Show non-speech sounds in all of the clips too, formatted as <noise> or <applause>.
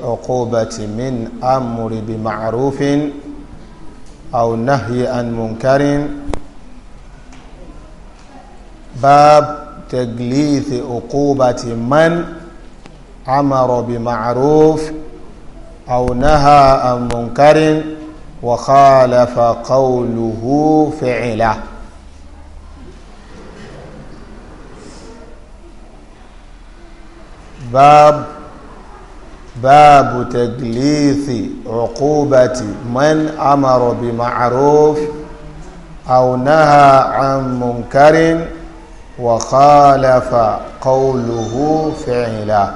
العقوبة من أمر بمعروف أو نهي عن منكر باب تجليث عقوبة من أمر بمعروف أو نهى عن منكر وخالف قوله فعله باب باب تجليث عقوبة من أمر بمعروف أو نهى عن منكر وخالف قوله فعله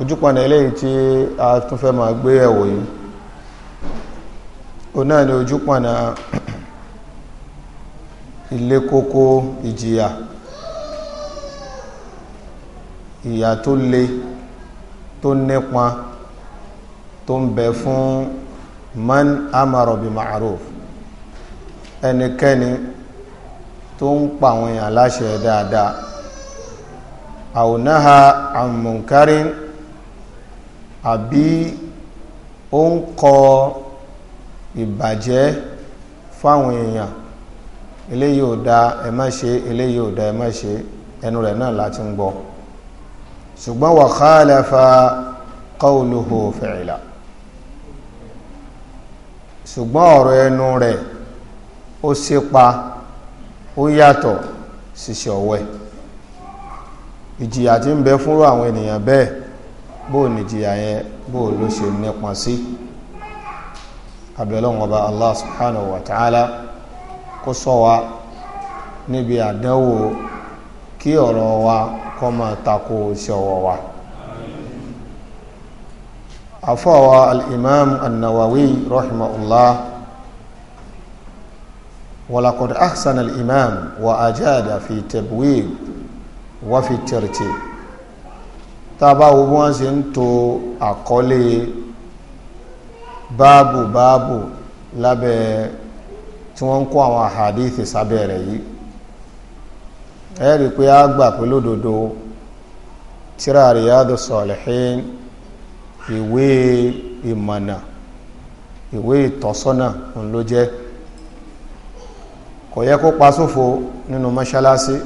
ojúpọ̀nà eléyìí tí a tún fẹ́ máa gbé ẹ̀wò yìí o náà ni ojúpọ̀nà ilé kókó ìjìyà ìyà tó le tó nípa tó ń bẹ fún man amaro bi ma'ruf ẹnikẹ́ni tó ń pa àwọn èèyàn láṣẹ dáadáa àwònáha àmùnkárín àbí ó ń kọ ìbàjẹ́ fáwọn èèyàn eléyìí ò da ẹ má ṣe eléyìí ò da ẹ má ṣe ẹnu rẹ̀ náà láti ń gbọ́ ṣùgbọ́n wà khalafa qawluhu fi'la ṣùgbọ́n ọ̀rọ̀ ẹnu rẹ̀ ó sípa ó yàtọ̀ ṣiṣẹ́ ọ̀wẹ́ ìjìyà tí ń bẹ fúnrú àwọn ènìyàn bẹ́ẹ̀ bó ní ìjìyà yẹn bó ló ṣe nípọn sí abẹ́lọ́wọ̀n ọba Allah subhanahu wa ta'ala kó ṣọ́ wa níbi àdánwò kí ọ̀rọ̀ wa kọ́mọ tako iṣẹ́ ọwọ́ wa afọ́wà al'imam annawawi rahimahullah walakod ahsan al'imam wa ajada fi tabwib wa fi tartib tàbá wo bí wọ́n ṣe to àkọlé báàbù báàbù lábẹ́ tí wọ́n ń kó àwọn àhàdíìtì ẹ rí i pé a gbà pé lódodo tíra Riyadu Salihin ìwé ìmọ̀nà ìwé ìtọ́sọ́nà òun ló jẹ́ kò yẹ kó pa sófo nínú mọ́ṣáláṣí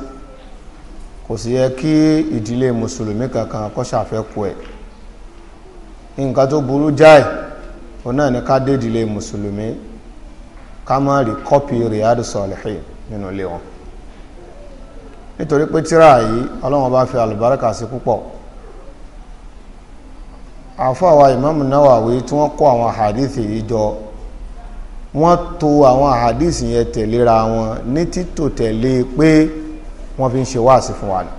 kò sì yẹ kí ìdílé mùsùlùmí kankan kó ẹ̀ nǹkan tó burú jáì òun náà ni ká dé ìdílé mùsùlùmí ká má rí kọ́pì nínú ilé wọn nítorí pé tíra yìí ọlọ́wọ́n bá fi àlùbáríkà sí púpọ̀ àfọwà Imam Nawawi tí wọ́n kó àwọn hadith yìí jọ wọ́n to àwọn hadith yẹn tẹ̀léra wọn ní títò tẹ̀lé pé wọ́n fi ń ṣe wáàsí fún wa ni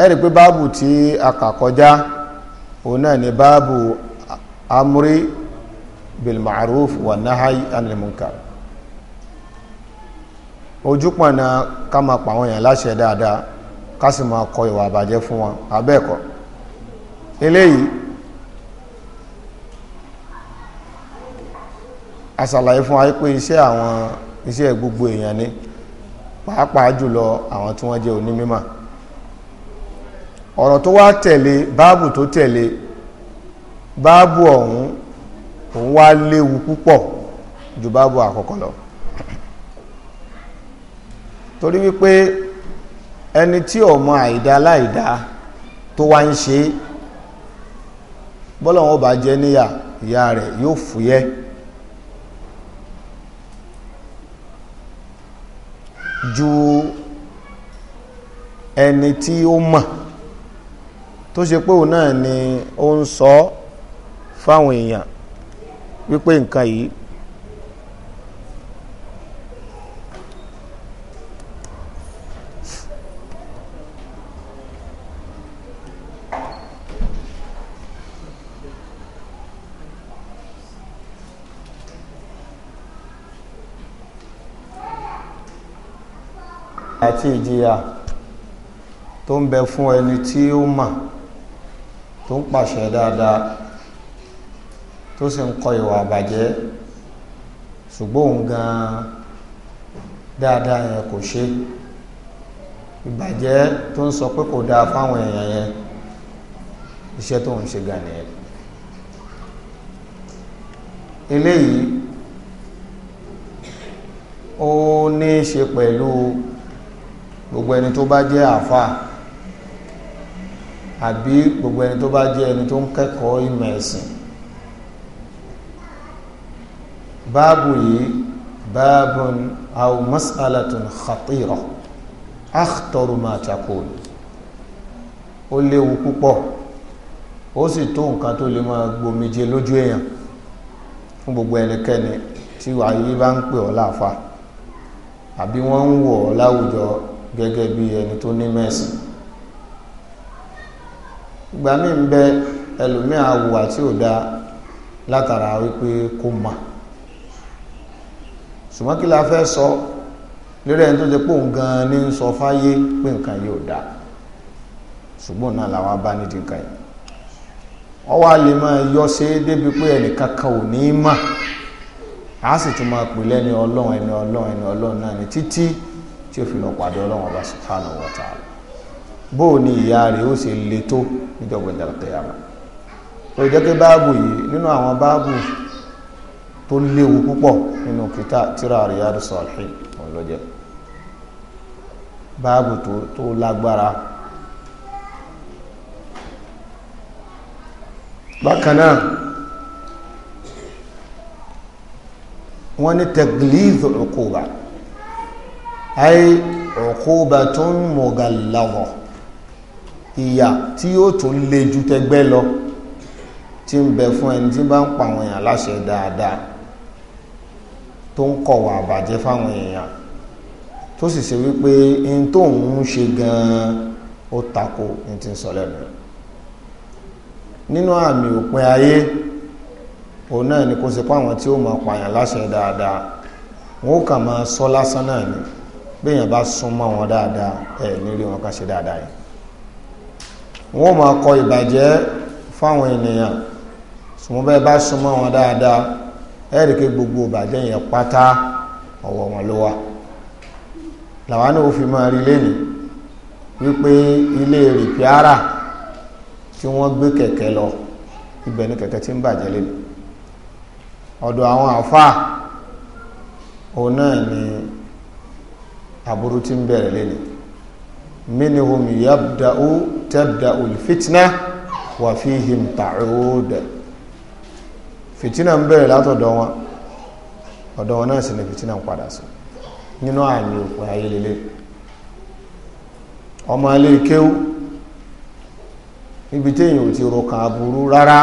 ẹ rí i pé báàbù tí a kà kọjá òun náà ni báàbù amúrí bil ma'ruf wa nahayi anil ojúpọ̀nà ká máa pa àwọn èèyàn láṣẹ dáadáa ká sì máa kọ ìwà àbàjẹ́ fún wọn abẹ́ẹ̀kọ́ eléyìí àṣàlàyé fún wa pé iṣẹ́ àwọn iṣẹ́ gbogbo èèyàn ni pàápàá jùlọ àwọn tí wọ́n jẹ́ onímímọ̀ ọ̀rọ̀ tó wá tẹ̀lé báàbù tó tẹ̀lé báàbù ọ̀hún òun wá léwu púpọ̀ ju báàbù àkọ́kọ́ lọ torí wípé ẹni tí ò mọ àìdá láìdá tó wá ń ṣe bọ́lọ̀ wọn bá jẹ níyà ìyá rẹ̀ yóò fúyẹ́ ju ẹni tí ó mọ̀ tó ṣe pé òun náà ni ó ń sọ fáwọn èèyàn wípé nǹkan yìí àti ìjìyà tó ń bẹ fún ẹni tí ó mà tó ń pàṣẹ dáadáa tó sì ń kọ ìwà àbàjẹ́ ṣùgbọ́n òun gan dáadáa yẹn kò ṣe ìbàjẹ́ tó ń sọ pé kò dáa fáwọn èèyàn yẹn iṣẹ́ tó ń ṣe gan nìyẹn eléyìí ó ní í ṣe pẹ̀lú gbogbo ẹni tó bá jẹ́ àfa àbí gbogbo ẹni tó bá jẹ́ ẹni tó ń kẹ́kọ̀ọ́ ìmọ̀ ẹ̀sìn báàbù yìí báàbù aw mas'alatun khatira akhtaru ma takun ó léwu púpọ̀ ó sì tó nǹkan tó lè máa gbòmìje lójú èèyàn fún gbogbo ẹnikẹ́ni tí wàá yí bá ń pè ọ́ láàfa àbí wọ́n ń wọ̀ ọ́ láwùjọ gẹ́gẹ́ bí ẹni tó ní mẹ́sì ìgbà míì ń bẹ ẹlòmíà hùwà tí ò látara wípé kò mà ṣùgbọ́n kí la fẹ́ sọ lórí ẹni tó jẹ pò gan-an ní ń sọ fáyé pé nǹkan yìí ò ṣùgbọ́n náà làwọn bá nídìí nǹkan yìí wọ́n wá lè máa yọ ṣe ó fi lọ pàdé ọlọ́run ọba subhanahu wa ta'ala bó o ní ìyá rẹ̀ ó ṣe le tó níjọba ìjàlá kẹyàmà ó jẹ́ pé báàbù yìí nínú àwọn báàbù tó léwu púpọ̀ nínú kìtà tíra Riyadus Salihin òun ló jẹ́ báàbù tó lágbára bákan náà wọ́n ní taglidh al-uquba ayé uqubatun mughalladha ìyà tí yóò tún le ju tẹgbẹ́ lọ tí ń bẹ fún ẹni tí bá ń pa àwọn èèyàn láṣẹ dáadáa tó ń kọ̀wà àbàjẹ́ fáwọn èèyàn tó sì ṣe wípé n tó ń ṣe gan ó tako n ti ń sọ lẹ́nu nínú àmì òpin ayé òun náà ni kó ṣe pé àwọn tí ó máa pààyàn láṣẹ dáadáa wọn ó kàn máa sọ lásán náà ni béèyàn bá súnmọ́ wọn dáadáa ẹ̀ nírí wọn kan ṣe dáadáa yìí wọ́n máa kọ ìbàjẹ́ fáwọn ènìyàn ṣùgbọ́n bẹ́ẹ̀ bá súnmọ́ wọn dáadáa ẹ̀ rí i pé gbogbo ìbàjẹ́ yẹn pátá ọwọ́ wọn ló wà làwọn náà ó fi máa rí lẹ́nu wípé ilé rìpíárà tí wọ́n gbé kẹ̀kẹ́ lọ ibẹ̀ ni kẹ̀kẹ́ ti ń bàjẹ́ lẹ́nu ọ̀dọ̀ àwọn àfáà òun náà ni aburú ti ń bẹ̀rẹ̀ lẹ́nu minhum yabda'u tabda'u fitna wa fihim ta'ud fìtínà ń bẹ̀rẹ̀ látọ̀dọ̀ wọn ọ̀dọ̀ wọn náà sì ni fìtínà ń padà sí nínú àmì òpin ayélélé ọmọ ilé kéwú níbi tí èyàn ti ro kan aburú rárá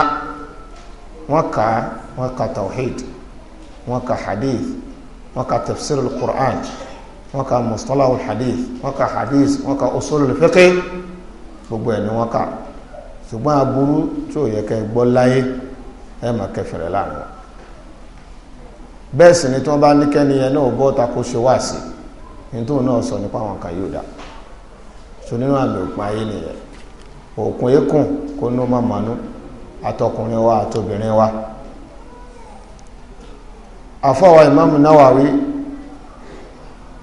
wọ́n kà á wọ́n kà tawhid wọ́n hadith wọ́n kà tafsir al wọ́n ka mustalahu hadith wọ́n ka hadith wọ́n ka usulul fiqh gbogbo ẹ̀ ni wọ́n ka ṣùgbọ́n aburú tí ò yẹ kẹ́ gbọ́ láyé ẹ̀ mà kẹfẹ̀rẹ̀ láàrin wọn sì ni tí wọ́n bá ní kẹ́ni yẹn náà bọ́ tako ṣe wá náà sọ nípa àwọn kan yóò dá so nínú àmì òpin ayé nìyẹn òkun eékùn kó ní ó má manú àtọkùnrin wa àtobìnrin wa àfọwọ́ Imam Nawawi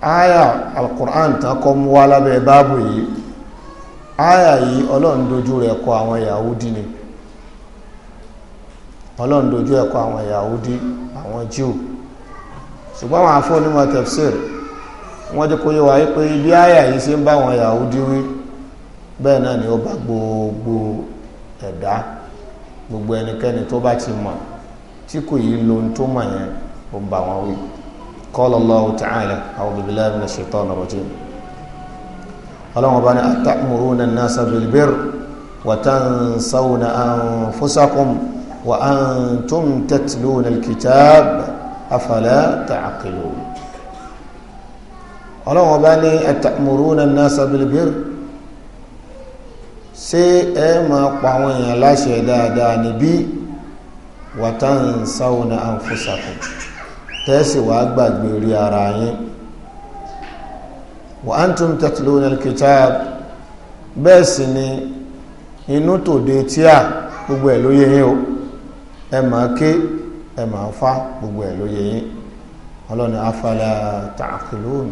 aya alquran tán kọ́ mú wá lábẹ́ yi yìí aya yi ọlọ́run dojú kọ àwọn yahudi ni ọlọ́run kọ àwọn yahudi àwọn jew ṣùgbọ́n àwọn afọ́nímọ̀ tafsir wọ́n jẹ́ kó yé pé aya yìí ṣe ń bá àwọn yahudi wí bẹ́ẹ̀ náà ni ó bá gbogbo ẹ̀dá gbogbo ẹnikẹ́ni tó bá ti mọ̀ tí kò yí lo tó mọ̀ yẹn قال الله تعالى أعوذ بالله من الشيطان الرجيم قال ربنا أتأمرون الناس بالبر وتنسون أنفسكم وأنتم تتلون الكتاب أفلا تعقلون قال ربنا أتأمرون الناس بالبر سي ما قوانين لا شيء دا دا نبي وتنسون أنفسكم tẹ́sí wàá gbàgbé orí ara yín wa antum tatluna al-kitab bẹ́ẹ̀ sì ni inú tòde tíà gbogbo ẹ̀ ló yé yín o ẹ máa ké ẹ máa fá gbogbo ẹ̀ ló yé yín ọlọ́ni afala ta'qilun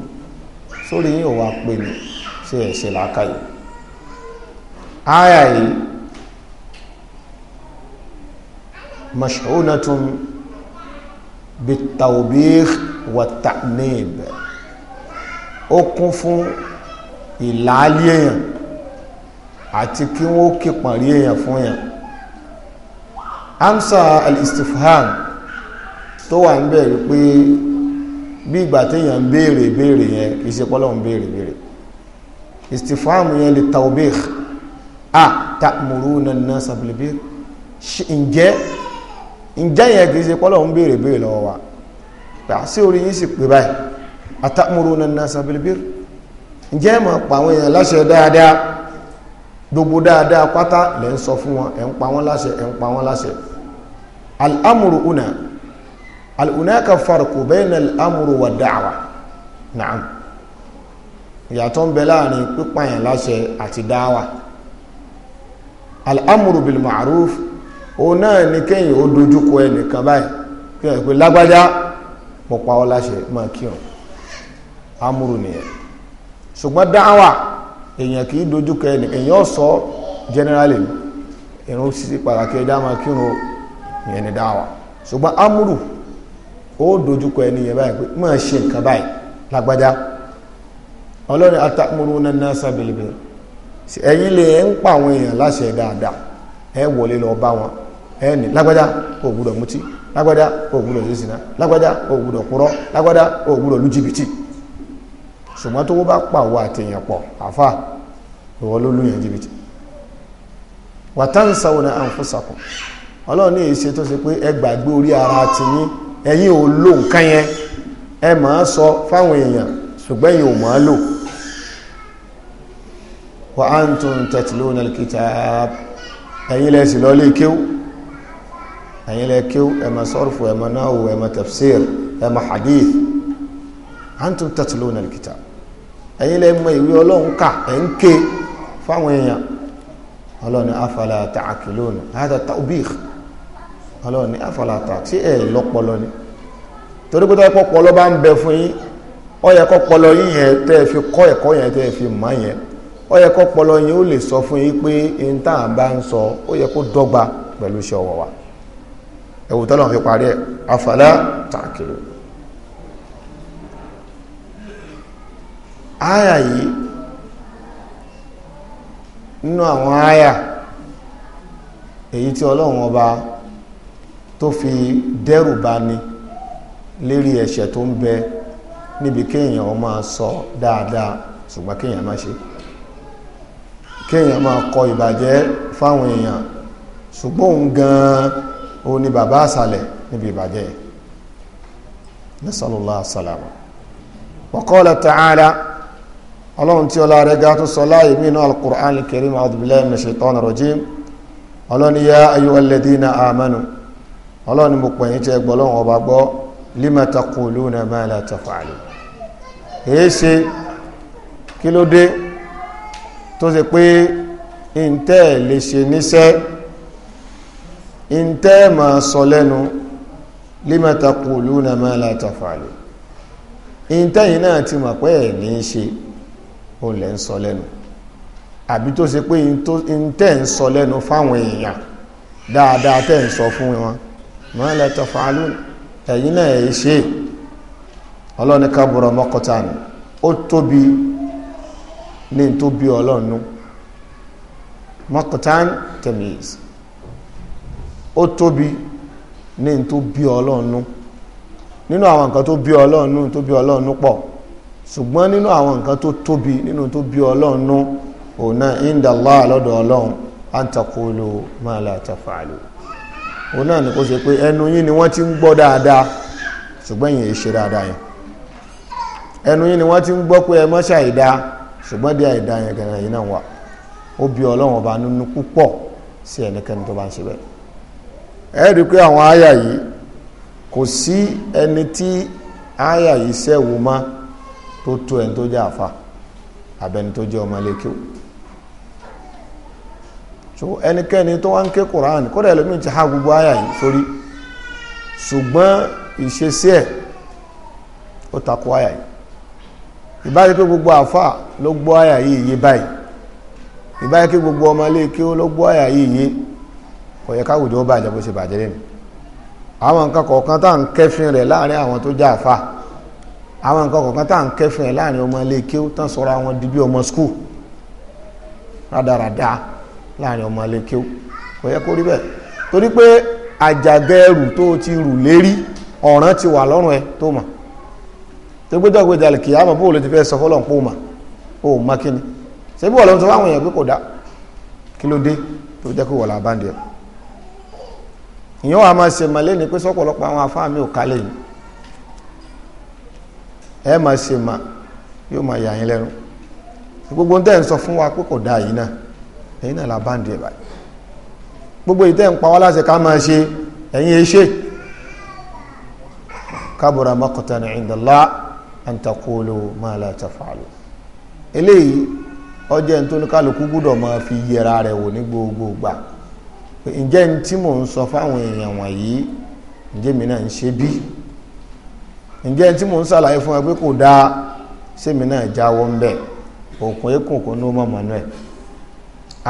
sórí yín ò wá pè ní ṣe ẹ̀ṣẹ̀ làákàyè áyà yìí mash'unatun bitawbih wa ta'nib ó kún fún ìlàálí èèyàn àti kí wọ́n kí pàrí èèyàn fún èèyàn amsa al-istifham tó wà ń bẹ̀rẹ̀ pé bí ìgbà téèyàn ń béèrè béèrè yẹn kì ń béèrè béèrè istifham yẹn li tawbih a ta'muruna an-nasa bil-bir ǹjẹ́ ǹjẹ́ yẹn kìí ṣe pọ́lọ̀ ń béèrè béèrè lọ́wọ́ wa pé àṣẹ orí yín sì pé báyìí atamuruna nnasa bil bir ǹjẹ́ mọ̀ pa àwọn èèyàn láṣẹ dáadáa gbogbo dáadáa pátá lẹ́ ń sọ fún wọn ẹ̀ ń pa wọ́n láṣẹ ẹ̀ ń pa wọ́n láṣẹ al'amuru una al'unaka farko bẹ́ẹ̀nà al'amuru wa da'awa na'am ìyàtọ̀ ń bẹ láàrin pípàyàn láṣẹ àti dáwà al'amuru bil ma'ruf òun náà ni kéyìn ó dojúkọ ẹnìkan báyìí kí wọn pe lágbájá mo pa ọ láṣẹ máa kírun amúrù nìyẹn ṣùgbọ́n dáhàwà èèyàn kì í dojúkọ ẹnìkan èèyàn sọ generally irun sísí pàtàkì ẹja máa kírun ìyẹn ni dáhàwà ṣùgbọ́n amúrù ó dojúkọ ẹnìyẹn báyìí pé máa ṣe nǹkan báyìí lágbájá ọlọ́run atamuruna nasa bil bir ẹ̀yin lè ń pa àwọn èèyàn láṣẹ dáadáa ẹ wọlé lọ bá wọn ẹni lágbájá kò mutí lágbájá kò gbúdọ̀ lágbájá kò kúrọ́ lágbájá kò gbúdọ̀ ṣùgbọ́n tó bá pàwọ́ àtẹ̀yàn pọ̀ àfà ìwọ ló lùyàn jìbìtì wàtánsàwọn àǹfọ̀sàkùn ọlọ́run ní èsì tó ṣe pé ẹ gbàgbé orí ara tiyín ẹ̀yin ò lò nǹkan yẹn ẹ máa sọ fáwọn èèyàn ṣùgbọ́n ẹ̀yin ò máa lò lẹ́sìn ẹ̀yin na kíw ẹ̀mọ sọ́rùfù ẹ̀mọ náwó ẹ̀mọ tafsir ẹ̀mọ hadith antum tatluna al-kitab ẹ̀yin lẹ mọ ìwé ọlọ́run ká ẹ̀ ń ké afala hada afala ta ti e lọ́pọlọ ni torí pé tọ́pọ̀ ń bẹ fún yín ya yẹ pọlọ yín yẹn tẹ́ ẹ fi kọ́ ẹ̀kọ́ yẹn tẹ́ ẹ fi mọ̀ yẹn ó pọlọ yín ó sọ fún yín pé n sọ ó yẹ kó dọ́gba pẹ̀lú iṣẹ́ ẹ̀wù tọ́lọ̀ fi parí ẹ̀ afala tààkìlù áyà yìí nínú àwọn áyà èyí tí ọlọ́run ọba tó fi dẹ́rù bá ni lérí ẹ̀ṣẹ̀ tó ń bẹ níbi kéèyàn ó sọ dáadáa ṣùgbọ́n kéèyàn má ṣe kéèyàn kọ ìbàjẹ́ fáwọn èèyàn ṣùgbọ́n gan ó ní bàbá àsàlẹ̀ níbi ìbàjẹ́ nasalullah salama wa qala ta'ala ọlọ́run tí ọlá rẹ̀ ga tó sọ láàyè mí náà al-Qur'an al-Karim a'udhu billahi minash shaitani rajim ọlọ́run ya ayyuhal ladhina amanu ọlọ́run mo pẹ̀yìn tí ẹ gbọ́ lọ́wọ́ ọba gbọ́ lima taquluna ma la taf'alun èé ṣe kí ló dé tó ṣe pé ntẹ́ lè ń tẹ́ máa sọ lẹ́nu lima taquluna ma la tafalu ń tẹ́yìn náà ti mọ̀ pé ẹ̀ ní í ṣe ó lẹ́ ń sọ lẹ́nu àbí tó ṣe pé ń tẹ́ ń sọ lẹ́nu fáwọn èèyàn dáadáa tẹ́ ń sọ fún wọn ma la ẹ̀yìn náà ẹ̀ ṣe ọlọ́ni kabura maqtan ó tóbi ní tó bí ọlọ́nu maqtan tamiz ó tóbi ní tó bí ọlọ́ọ̀nú nínú àwọn nǹkan tó bí ọlọ́ọ̀nù tó bí pọ̀ ṣùgbọ́n nínú àwọn nǹkan tó tóbi nínú tó bí ọlọ́ọ̀nù òun náà inda Allah lọ́dọ̀ ọlọ́run náà ni kó ṣe pé ẹnu yín ni wọ́n ti gbọ́ dáadáa ṣùgbọ́n yìí ṣe dáadáa ni wọ́n ti gbọ́ pé ẹ ṣùgbọ́n díẹ̀ yẹn yìí náà wà ó bí ọlọ́run ọba nínú púpọ̀ sí ẹnikẹ́ni tó bá ẹ rí pé àwọn àyà yìí kò sí ẹni tí àyà yìí sẹ́wò má tó tó ẹni tó jẹ́ àfa àbẹni tó jẹ́ ẹnikẹ́ni gbogbo àyà yìí sórí ṣùgbọ́n ìṣesí ẹ̀ ó takò gbogbo afa ló gbọ́ àyà yìí yé báyìí gbogbo ọmọlékéwò ló gbọ́ àyà yìí yé yẹ káwùjọ ó bàjẹ́ bó ṣe bàjẹ́ lẹ́nu àwọn nǹkan kọ̀ọ̀kan tá à ń kẹ́fìn rẹ̀ láàrin àwọn tó jẹ́ àfa àwọn nǹkan kọ̀ọ̀kan tá à ń kẹ́fìn rẹ̀ láàrin ọmọ ilé kí tán sọ̀rọ̀ àwọn di ọmọ skul rádaràda láàrin ọmọ ilé kí kò yẹ kó rí bẹ́ẹ̀ torí pé àjàgẹ́rù tó ti rù lérí ọ̀ràn ti wà lọ́rùn ẹ tó o lè ti fẹ́ sọ ìyẹn wà máa ṣe màlẹ́ ni pé sọ́pọ̀lọpọ̀ àwọn afá mi ò kálẹ̀ yìí ẹ máa ṣe mà yóò máa yà yín lẹ́nu gbogbo tẹ́ ń sọ fún wa pé kò dáa yìí náà ẹ̀yin náà la bá ń di ẹ̀bà gbogbo ìtẹ́ ń pa wá láti ká máa ṣe ẹ̀yin eṣe kabura maqtan inda Allah an taqulu la taf'alu eléyìí ọjọ́ ẹni gbúdọ̀ máa fi yẹra rẹ̀ wò ní gbogbo gbà pé ǹjẹ́ ní tí mò ń sọ fáwọn èèyàn wọ̀nyí ǹjẹ́ mi náà ń ṣe bí ǹjẹ́ ní tí mò ń ṣàlàyé fún ẹ pé kò dáa sẹ́mi náà jáwọ́ ń bẹ̀ òkun ekun kò ní ọmọ manuel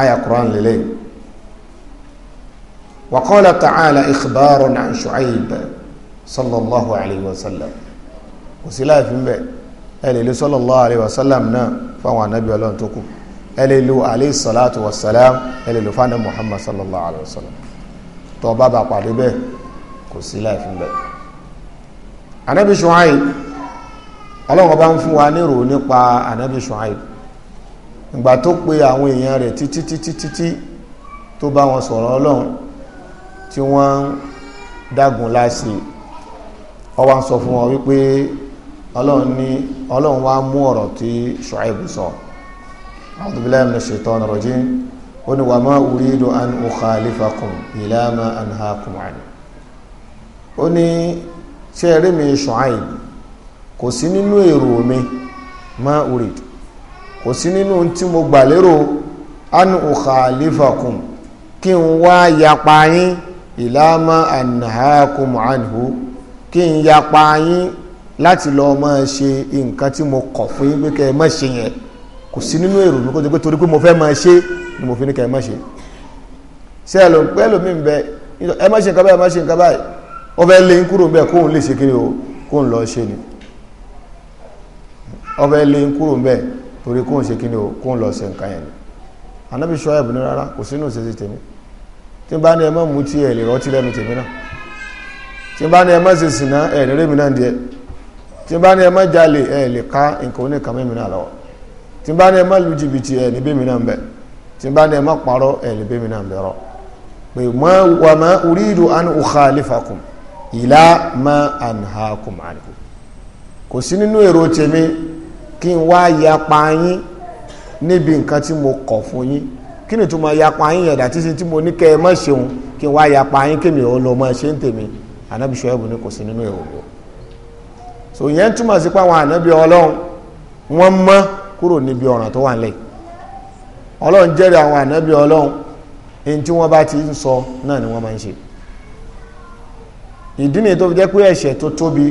aya Qur'an lélẹ̀ wakola qala ta'ala ikhbarun an Shu'aib sallallahu alayhi wa sallam kò sí láàfin bẹ́ẹ̀ ẹ lè lè sallallahu alayhi wa sallam náà fáwọn anábì ọlọ́run tó kù ẹ lè lo alayhi salatu wa salam ẹ lè lo fáńdà muhammad sallallahu alayhi wa sallam tó o bá bá pàdé bẹ́ẹ̀ kò sí láì fún bẹ́ẹ̀. anabi shuaib ọlọ́run bá ń fún wa nírò nípa anabi shuaib ìgbà tó pe àwọn èèyàn rẹ̀ títí títí títí tó bá wọn sọ̀rọ̀ ọlọ́run tí wọ́n dágun láṣì ó wá sọ fún wọn wípé ọlọ́run ní ọlọ́run wá mú ọ̀rọ̀ tí shuaib sọ. أعوذ بالله من الشيطان الرجيم وما أريد أن أخالفكم إلى ما أنهاكم عنه ó ní ṣe eré mi ṣùáìb kò sí nínú èrò mi ma urid kò sí nínú tí mo gbà lérò an ukhalifakum kí n wá yapa yín ila ma anhakum anhu kí n yapa yín láti lọ máa ṣe nǹkan tí mo kọ̀ fún yín pé kẹ́ ẹ má ṣe yẹn kò sí nínú èrò mi kó jẹ́ pé torí pé mo fẹ́ máa ṣe ni mo fi ní ká ẹ má ṣe ṣé ẹ lò pé ẹlòmí ń bẹ ẹ má ṣe nǹkan báyìí ẹ má ṣe nǹkan báyìí ó fẹ́ lé kúrò ń bẹ kóun lè ṣe kiri o kóun lọ ṣe ni ó fẹ́ lé kúrò ń bẹ torí kóun ṣe kiri o kóun lọ ṣe nǹkan yẹn ni Ànábì Ṣuaibu ní rárá kò sínú òṣèṣe tèmi tí n bá ní ẹ má mú tí ẹ lè rọtí lẹ́nu tèmi náà tí n bá ní ẹ má ṣe sìnà ẹ lè rémi náà díẹ̀ tí n bá ní ẹ má jalè ẹ lè ká nǹkan oníkàmẹ́mi náà lọ́wọ́ tí bá ní ẹ má lu jìbìtì ẹ̀ níbí mi náà ń bẹ̀ tí bá ní ẹ má parọ́ ẹ̀ níbí mi náà ń bẹ̀ rọ pé wà má uridu an ukhalifakum ìlà má anhaakum anhu kò sí nínú èrò tèmi kí n wá yapa yín níbi nǹkan tí mo kọ̀ fún yín kí ni tó máa yapa yín yẹ̀dá títí tí mo ní kẹ́ ẹ má ṣeun kí n wá yapa yín kémi ò lọ máa ṣe ń tèmi ànábì Ṣuaibu ní kò sí nínú èrò mi so ìyẹn túmọ̀ sí pé àwọn ànábì ọlọ́run wọ́n mọ́ kúrò níbi ọ̀ràn tó wà nílẹ̀ ọlọ́run jẹ́rìí àwọn ànábì ọlọ́run èyí tí wọ́n bá ti ń sọ náà ni wọ́n máa ń ṣe ìdí nìyí tó fi jẹ́ pé ẹ̀ṣẹ̀ tó tóbi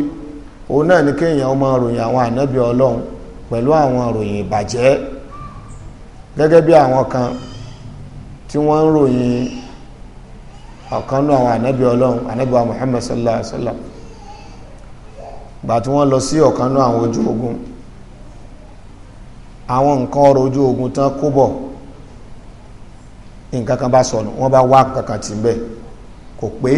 òun náà ni kéèyàn ó máa ròyìn àwọn ànábì ọlọ́run pẹ̀lú àwọn ròyìn ìbàjẹ́ gẹ́gẹ́ bí àwọn kan tí wọ́n ń ròyìn ọ̀kan náà àwọn ànábì ọlọ́run ànábì wa Muhammad sallallahu alaihi wa sallam gbà tí wọ́n lọ sí ọ̀kan náà àwọn ojú ogun àwọn nǹkan ọrọ̀ ojú ogun tán kó bọ̀ nǹkan kan bá sọnù wọ́n bá wá kankan tì bẹ́ẹ̀ kò pé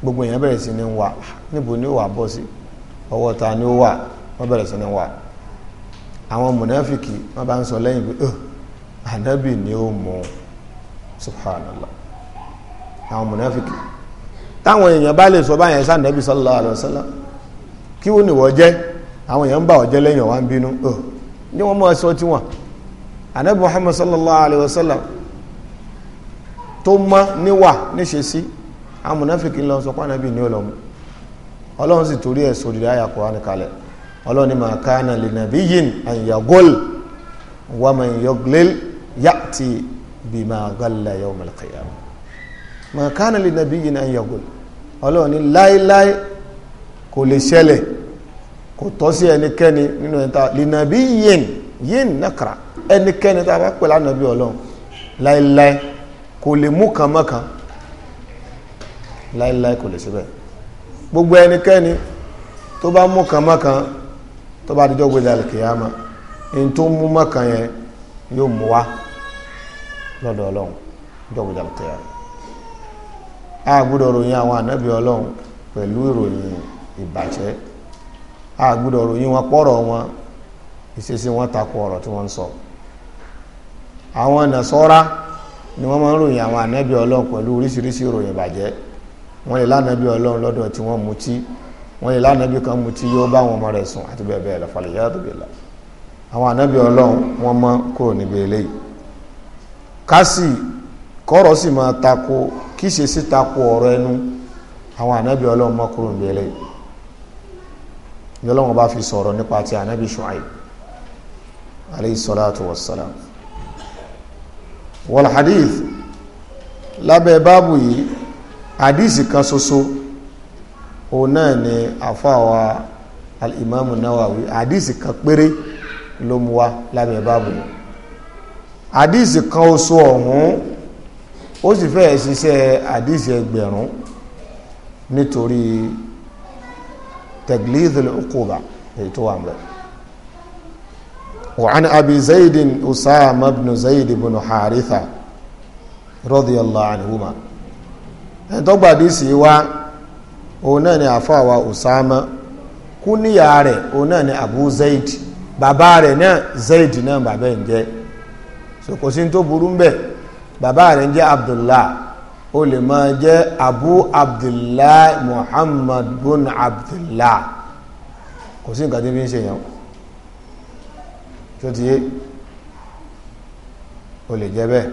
gbogbo èèyàn bẹ̀rẹ̀ sí ní wà níbo ni ó wà bọ́ sí ọwọ́ ta ni ó wà wọ́n bẹ̀rẹ̀ sí ní wà àwọn mùnáfìkì wọ́n bá ń sọ lẹ́yìn pé ni ó mọ̀ àwọn èèyàn ń bà ọ̀jẹ́ lẹ́yìn ọ̀wá ń bínú ọ̀ ní wọ́n máa sọ tí wọ́n anabi muhammad sallallahu alayhi wa sallam tó mọ́ níwà níṣe sí amúnáfíkì ń lọ sọ pé anabi ní ọlọ́mù ọlọ́run sì torí ẹ̀ sódìdí àyà Kùránì kalẹ̀ ọlọ́run ni màá kánà lè nàbí yìn an yagul wa man yaglil ya'ti bima galla yawm al-qiyamah màá kánà lè nàbí yìn an ọlọ́run ni láéláé kò lè ṣẹlẹ̀ kò tọ́ sí ẹnikẹ́ni nínú ẹ̀ta lìnàbí yìn yìn nàkàrà ẹnikẹ́ni tá a bá pè lánàbí ọlọ́run láíláí kò lè mú kan mọ́kan láíláí kò lè síbẹ̀ gbogbo ẹnikẹ́ni tó bá mú kan mọ́kan tó bá dijọ́ gbèdé àlùkìyàmà tó mú mọ́kan yẹn yóò mú wá lọ́dọ̀ ọlọ́run dijọ́ gbèdé a gbọ́dọ̀ ròyìn àwọn ànábì ọlọ́run pẹ̀lú ìròyìn ìbàjẹ́ àgbúdọ̀ ròyìn wọn pọ̀rọ̀ wọn ìṣesí wọn takò ọ̀rọ̀ tí wọ́n ń sọ àwọn nàṣọ́ra ni wọ́n máa ń ròyìn àwọn ànábì ọlọ́run pẹ̀lú oríṣiríṣi ìròyìn ìbàjẹ́ wọ́n lè lánàbí ọlọ́run lọ́dọ̀ tí wọ́n mutí wọ́n lè lánàbí kan mutí yóò bá wọn ọmọ rẹ̀ sùn àti bẹ́ẹ̀ bẹ́ẹ̀ lọ falẹ̀ yá tóbi la àwọn ànábì ọlọ́run wọ́n mọ́ kúrò níbi eléyìí kásì kọ́rọ̀ sì máa tako kíṣe sí tako ọ̀rọ̀ ẹnu àwọn ànábì ọlọ́run mọ́ kúrò níbi eléyìí lọ́lọ́wọ́n bá fi sọ̀rọ̀ nípa ti ànábì Shu'aib alayhi salatu wassalam wal hadith lábẹ́ báàbù yìí hadisi kan ṣoṣo òun náà ni àfáwà al-imamu Nawawi hadisi kan péré ló mú wá lábẹ́ báàbù yìí hadisi kan oṣù ọ̀hún ó sì fẹ́ẹ̀ ṣiṣẹ́ hadisi ẹgbẹ̀rún nítorí taglidul uquba èyí tó wà mẹ́. وعن أبي زيد أسامة بن زيد بن حارثة رضي الله عنهما dọ́gba àdìsí wa òun náà ni àfàwà Usama kúníyà rẹ̀ òun náà ni Abu Zaid bàbá rẹ̀ náà Zaid náà bàbá ẹ̀ ń jẹ́ so kò sí ní tó burú ń bẹ̀ bàbá rẹ̀ ń jẹ́ Abdullah ó lè máa jẹ́ abu abdullah muhammad bin abdullah kò sí nǹkan tí fi ń ṣe yẹn tó ti yé ó lè jẹ́ bẹ́ẹ̀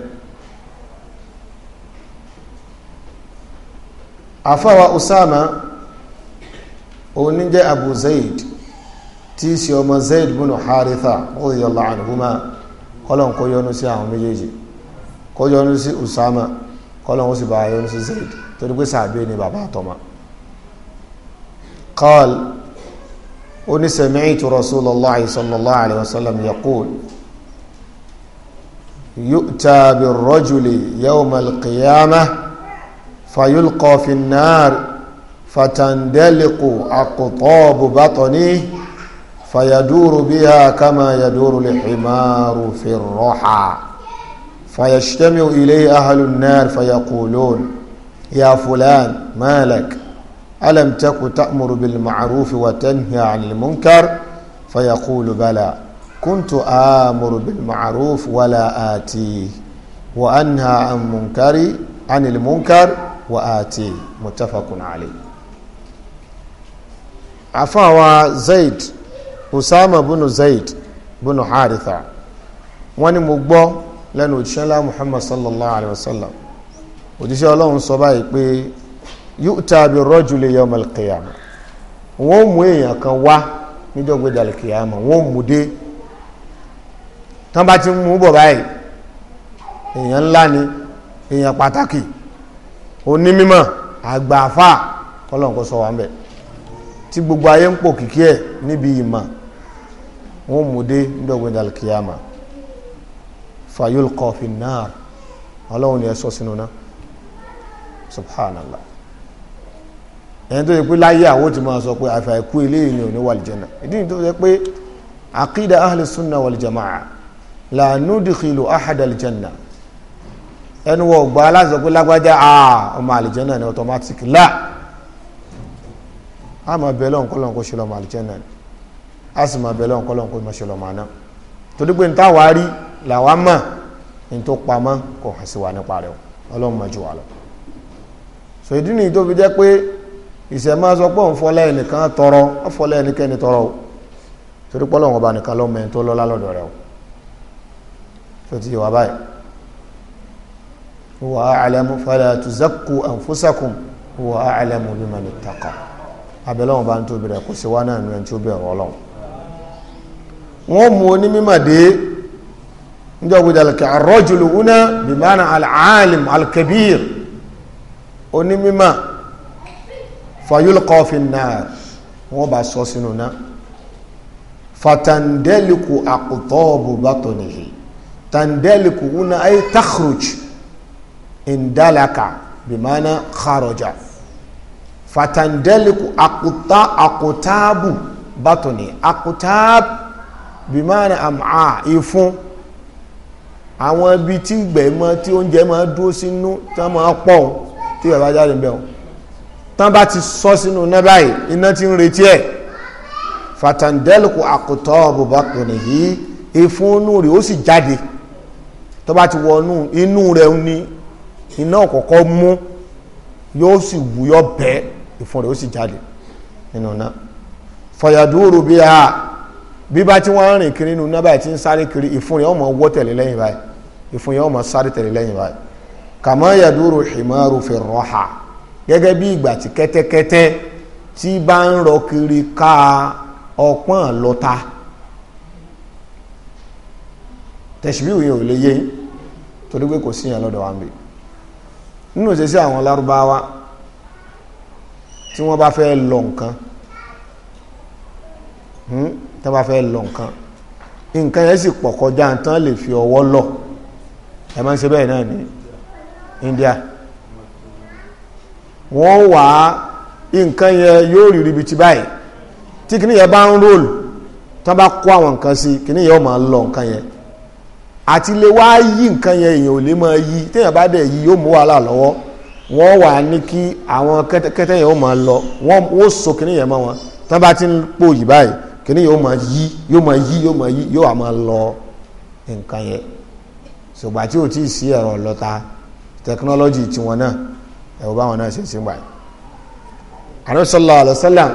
àfáwà usama òun ní jẹ́ abu zaid tí í ṣe ọmọ zaid bin haritha radiyallahu anhuma kọ́lọ̀ kó yọ́nú sí àwọn méjèèjì kó yọ́nú sí usama kọ́lọ́hún sì bá yọ́nú sí Zaid torí pé sàbí ni bàbá àtọ́mà qal ó ní sami'tu Rasulullahi sallallahu alayhi wa sallam yaqul yu'ta bir-rajuli yawma al-qiyamah fayulqa fi an-nar fatandaliqu aqtabu batnihi fayaduru kama yaduru al-himaru fi ar فيجتمع إليه أهل النار فيقولون يا فلان ما لك ألم تك تأمر بالمعروف وتنهى عن المنكر فيقول بلى كنت آمر بالمعروف ولا آتيه وأنهى عن منكر عن المنكر وآتيه متفق عليه عفوا زيد أسامة بن زيد بن حارثة وني مقبو lẹ́nu òjíṣẹ́ ńlá muhammad sallallahu alayhi wa sallam òjíṣẹ́ ọlọ́run sọ báyìí pé yu'ta bi rajuli yawm al-qiyamah wọ́n mú èèyàn kan wá níjọ́ gbẹ̀dẹ̀ al-qiyamah wọ́n mú dé tán bá ti mú bọ̀ báyìí èèyàn ńlá ni èèyàn pàtàkì onímímọ̀ àgbààfà kọ́lọ́n kó sọ wá ń bẹ̀ tí gbogbo ayé ń pò kìkì ẹ̀ níbi ìmọ̀ wọ́n mú dé níjọ́ gbẹ̀dẹ̀ fayulqa fin nar ọlọ́run ni ẹ sọ sínú náà subhanallah ẹni tó yẹ pé láyé àwọn ti máa sọ pé àfàìkú eléyìí ni ò ní wàlìjẹ́nà ìdí ni tó yẹ pé àkídà ahli sunna wàlìjàmáà la nudkhilu ahada aljanna ẹnu wọ aláṣọ pé lágbájá àà ọmọ àlìjẹ́nà ni automatic la a máa bẹ̀ lọ́n kó ṣe lọ́mọ àlìjẹ́nà ni a sì máa bẹ̀ lọ́n kó ṣe lọ́mọ àná torí pé ní táwa rí làwa mọ̀ ní tó pamọ́ kò hàn sí wa nípa rẹ̀ ọlọ́run mọ̀ jù wá lọ. sọ ìdí nìyí tó fi jẹ́ pé ìṣẹ̀má sọ pé òun fọlẹ́ ẹnìkan tọrọ ó fọlẹ́ ẹnikẹ́ni tọrọ o torí pé Ọlọ́run ọba nìkan lọ́mọ ẹni tó lọ́lá lọ́dọ̀ rẹ̀ o tó ti wà báyìí huwa a'lamu fala tuzakku anfusakum huwa a'lamu biman ittaqa abẹ́lọ́wọ̀n bá ń tóbi rẹ̀ kò sí wá náà ní ẹni tí ó Ọlọ́run wọ́n mú onímọ̀ dé níjọ́ gbọ́dọ̀ alẹ́ arrajulu huna bi ma'na al-alim al-kabir onímímà fayulqa fi an-nar wọ́n bá sọ sínú náà fatandeliku aqtabu batnihi tandeliku huna ay takhruj indalaka bi ma'na fatandeliku akuta akutabu batnihi akutab bi ma'na am'a àwọn ibi tí ìgbẹ́ mọ́ tí oúnjẹ máa dúró sínú tí wọ́n máa pọ̀ tí bàbá jáde ń bẹ̀ wọ́n tán bá ti sọ sínú iná báyìí iná ti ń retí ẹ̀ fatandẹ́lùkù àkùtọ́ ọ̀bùbọ̀kù nìyí ìfúnnú rẹ̀ ó sì jáde tó bá ti wọnú inú rẹ̀ ni iná ọ̀kọ̀ọ̀kọ̀ mú yóò sì wúyọ́ bẹ́ẹ̀ ìfún rẹ̀ ó sì jáde nínú náà fọyàdúró bí a bí bá tí wọ́n rìn kiri nínú náà báyìí ti ń sáré kiri ìfún rẹ̀ ọmọ wọ́ báyìí ìfun yẹn wọ́n máa sáré tẹ̀lé lẹ́yìn báyìí kàmá yàdúró himaru fi rọ́ha gẹ́gẹ́ bí ìgbà tí kẹ́tẹ́kẹ́tẹ́ tí bá ń rọ kiri ká ọpọ́n lọ́ta tẹ̀síbíwì yẹn ò lè yé torí pé kò síyàn lọ́dọ̀ wa ń bè nínú ìṣesí àwọn lárúbáwá tí wọ́n bá fẹ́ lọ nǹkan hmm, tí wọ́n bá fẹ́ lọ nǹkan nǹkan yẹn sì pọ̀ kọjá tán lè fi ọwọ́ lọ ẹ máa ń ṣe bẹ́ẹ̀ náà ní India wọ́n wà á nǹkan yẹn yóò rí ríbi ti báyìí tí kìíní yẹn bá ń róòlù tán bá kó àwọn nǹkan sí kìíní yẹn ó máa ń lọ nǹkan yẹn àti lè wá yí nǹkan yẹn èèyàn ò lè máa yí téèyàn bá dẹ̀ yí yóò mú wàhálà lọ́wọ́ wọ́n wà ní kí àwọn kẹ́tẹ́ yẹn ó máa lọ wọ́n ó so kìíní yẹn mọ́ wọn tán bá ti ń pò yí báyìí kìíní yẹn ó máa yí yóò máa yí yóò máa yí yóò máa lọ nǹkan yẹn ṣùgbọ́n tí ò tí ì sí ẹ̀rọ lọ́ta tẹkinọ́lọ́jì tiwọn náà ẹ̀wọ̀n wọn náà ṣe ṣe ń báyìí àlọ́sálà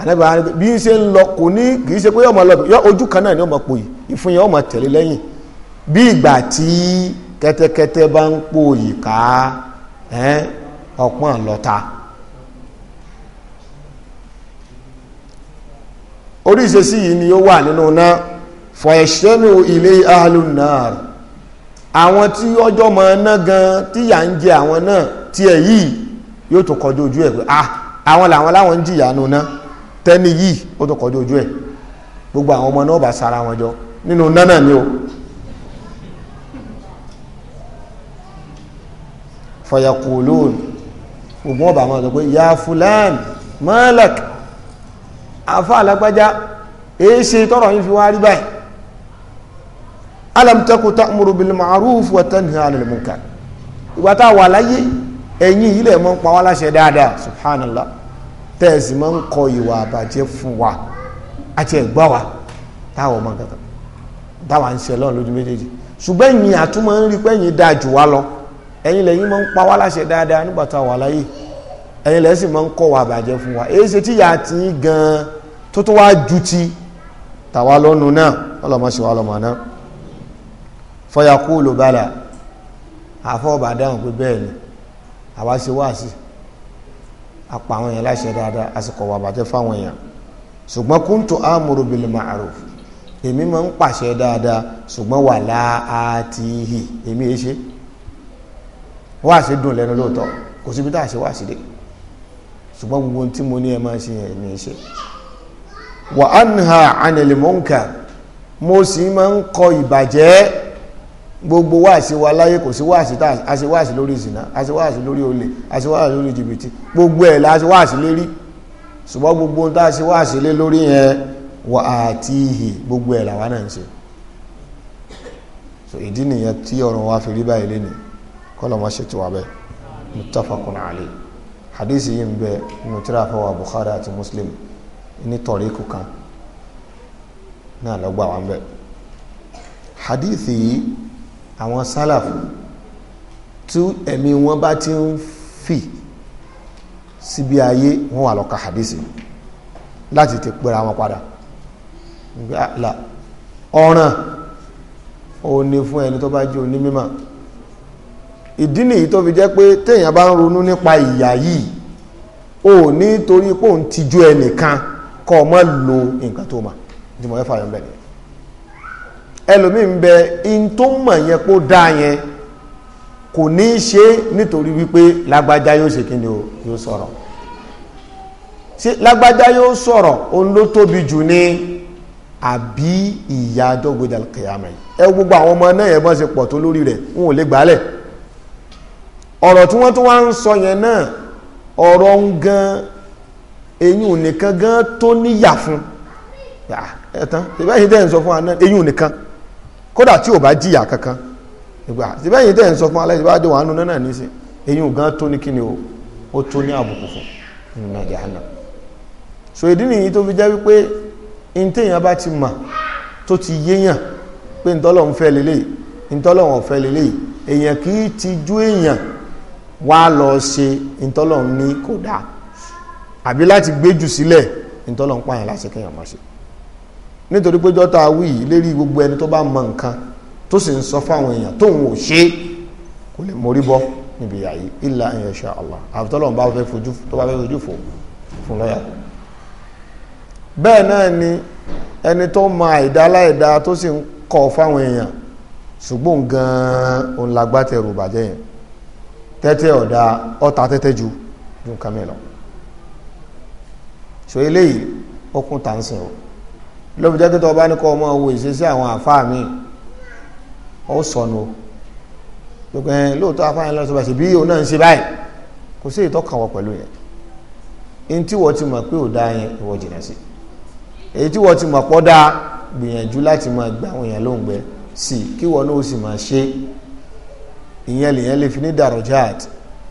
ànábàá bí ṣe ń lọ kò ní kì í ṣe pé ọmọ lọ́bẹ̀ yọ ojú kan náà ni ọmọ pòyì ìfun yẹn ọmọ tẹ̀lé lẹ́yìn bí ìgbà tí kẹ́tẹ́kẹ́tẹ́ bá ń ká ọpọ́n lọ́ta. ni ó wà nínú náà fọ̀ ẹ̀ṣẹ́ ilé àwọn tí ọjọ́ mọ ná gan tíyà ń jẹ àwọn náà tiẹ̀ yìí yóò tún kọjú ojú ẹ̀ pé ah àwọn làwọn láwọn ń jìyà nu ná tẹ́ni yìí ó tún kọjú ojú ẹ̀ gbogbo àwọn ọmọ náà bá sara wọn jọ nínú nánà ni o. fayakulun gbogbo ọba àwọn ọ̀dọ́ pé ya fulan malak afa alagbaja èé ṣe tọrọ yín fi wá rí báyìí alam taku ta'muru bil ma'ruf wa tanha 'anil munkar ìgbà tá a wà láyé ẹ̀yin yìí lẹ̀ mọ́ ń pa wá láṣẹ dáadáa subhanallah tẹ́ẹ̀sì máa ń kọ ìwà àbàjẹ́ fún wa àti ẹ̀gbá wa táwọn ọmọ kankan táwọn ń ṣe lọ́n lójú méjèèjì ṣùgbọ́n ẹ̀yin àtúmọ̀ ń rí pé ẹ̀yin dáa jù wá lọ ẹ̀yin lẹ́yìn máa ń pa wá láṣẹ dáadáa nígbà tá a wà láyé ẹ̀yin lẹ́yìn sì ń kọ ìwà àbàjẹ́ fún wa èyí ṣe tí ìyá ti gan tó tó wá ju ti tàwa lọ́nu náà ọlọ́mọ ṣe wa lọ́mọ náà fọyàkúlù bala àfọwọ́bà dáhùn pé bẹ́ẹ̀ ni àwa ṣe wáàsí apá àwọn èèyàn láṣẹ dáadáa àsìkò wà bàtẹ́ fáwọn èèyàn ṣùgbọ́n kúntù amúrú bìlì ma'ruf èmi máa ń pàṣẹ dáadáa ṣùgbọ́n wà láàtìhì èmi èé e ṣe wáàsí dùn lẹ́nu lóòótọ́ kò síbi tá a ṣe wáàsí dé ṣùgbọ́n gbogbo tí mo ní ẹ máa ṣe yẹn èmi èé e ṣe wa anha anil munkar mo sì máa ń kọ ìbàjẹ́ gbogbo wáàsí wa láyé kò sí wáàsí tá a ṣe wáàsí lórí ìsìná a ṣe wáàsí lórí olè a ṣe wáàsí lórí jìbìtì gbogbo ẹ̀ la ṣe wáàsí lérí ṣùgbọ́n gbogbo ohun tá a ṣe wáàsí lé lórí yẹn wà àti ìhì gbogbo ẹ̀ làwa náà ń ṣe so ìdí nìyẹn tí ọ̀rọ̀ wa fi rí báyìí lé ní kọ́lọ̀ ma ṣe ti wà bẹ́ẹ̀ muttafaqun alayhi hadisi yìí ń bẹ nínú tíra fọwọ́ Bukhari àti Muslim ní tọ̀rí kù kan náà lọ́gbà wa ń bẹ yìí àwọn sálàf tí ẹ̀mí wọn bá ti ń fì síbi ayé wọn wà lọ́ka hadisi láti ti pera wọn padà ọ̀ràn ó ní fún ẹni tó bá jẹ́ onímímọ̀ ìdí nìyí tó fi jẹ́ pé téèyàn bá ń ronú nípa ìyà yìí ó ní torí pé òun ẹnìkan kọ́ ọ mọ́ lo nǹkan tó mà jùmọ̀ ẹ fààyàn bẹ̀rẹ̀ ẹlòmíín bẹ in tó mọ̀ yẹn kó dá yẹn kò ní í ṣe nítorí wípé lágbájá yóò ṣe kíni o yóò sọ̀rọ̀ ṣé lágbájá yóò sọ̀rọ̀ òun ló tóbi jù ní àbí ìyá dọ́gbẹ́dà kìyàmẹ́ ẹ gbogbo àwọn ọmọ náà yẹn bọ́n ṣe pọ̀ tó lórí rẹ̀ wọn ò lè gbálẹ̀ ọ̀rọ̀ tí wọ́n tún wá ń sọ yẹn náà ọ̀rọ̀ ń gan eyín nìkan gan tó níyà fún ẹ̀ tán ìbáyìí dẹ́ sọ fún wa náà eyín nìkan kódà tí ò bá jìyà kankan ìgbà síbẹ̀yìn tẹ̀ ń sọ fún aláìsí bá jọ wà nù náà ní sí eyín gan tó ní kíni o ó tó ní àbùkù fún nínú jahannam so ìdí nìyí tó fi jẹ́ wípé n téèyàn bá ti mà tó ti yéèyàn pé ntọ́lọ́hún fẹ́ lélẹ̀ ntọ́lọ́hún ọ̀fẹ́ lélẹ̀ èèyàn kì í ti ju èèyàn wá lọ ṣe ntọ́lọ́hún ní kódà àbí láti gbéjù sílẹ̀ ntọ́lọ́hún pààyàn láti kéèyàn máa ṣe nítorí pé jọ́ta wí yìí lérí gbogbo ẹni tó bá mọ nǹkan tó sì ń sọ fáwọn èèyàn tóun ò ṣe kò lè mórí bọ́ níbi ìyá yìí illa an yasha Allah àfitọ́lọ́n bá fẹ́ fojú tó bá fẹ́ fojú fò fún lọ́yà. bẹ́ẹ̀ náà ni ẹni tó mọ àìdá láìdá tó sì ń kọ̀ fáwọn èèyàn ṣùgbọ́n gan-an òun lágbátẹrù bàjẹ́ yẹn tẹ́tẹ́ ọ̀dà ọ̀tá tẹ́tẹ́ ju ju nǹkan mi lọ. sọ eléyìí ó kún tà ń sìn o lóbi jẹ́ kíntọ́ ọba ní kọ́ ọmọ owó ìṣesí àwọn àfáà mi ó sọnù pípẹ́ lóòótọ́ afáà yẹn lọ́sọ̀bàṣì bí òun náà ń ṣe báyìí kò sí ìtọ́kàn wọ pẹ̀lú yẹn ní tí wọ́n ti mọ̀ pé ò dáa yẹn ìwọ jìnnà sí èyí tí wọ́n ti mọ̀ pọ́ dáa gbìyànjú láti máa gbé àwọn èèyàn lóhùn gbẹ sí kí wọn náà sì máa ṣe ìyẹn lèyẹn lè fi ní dàrọ́jà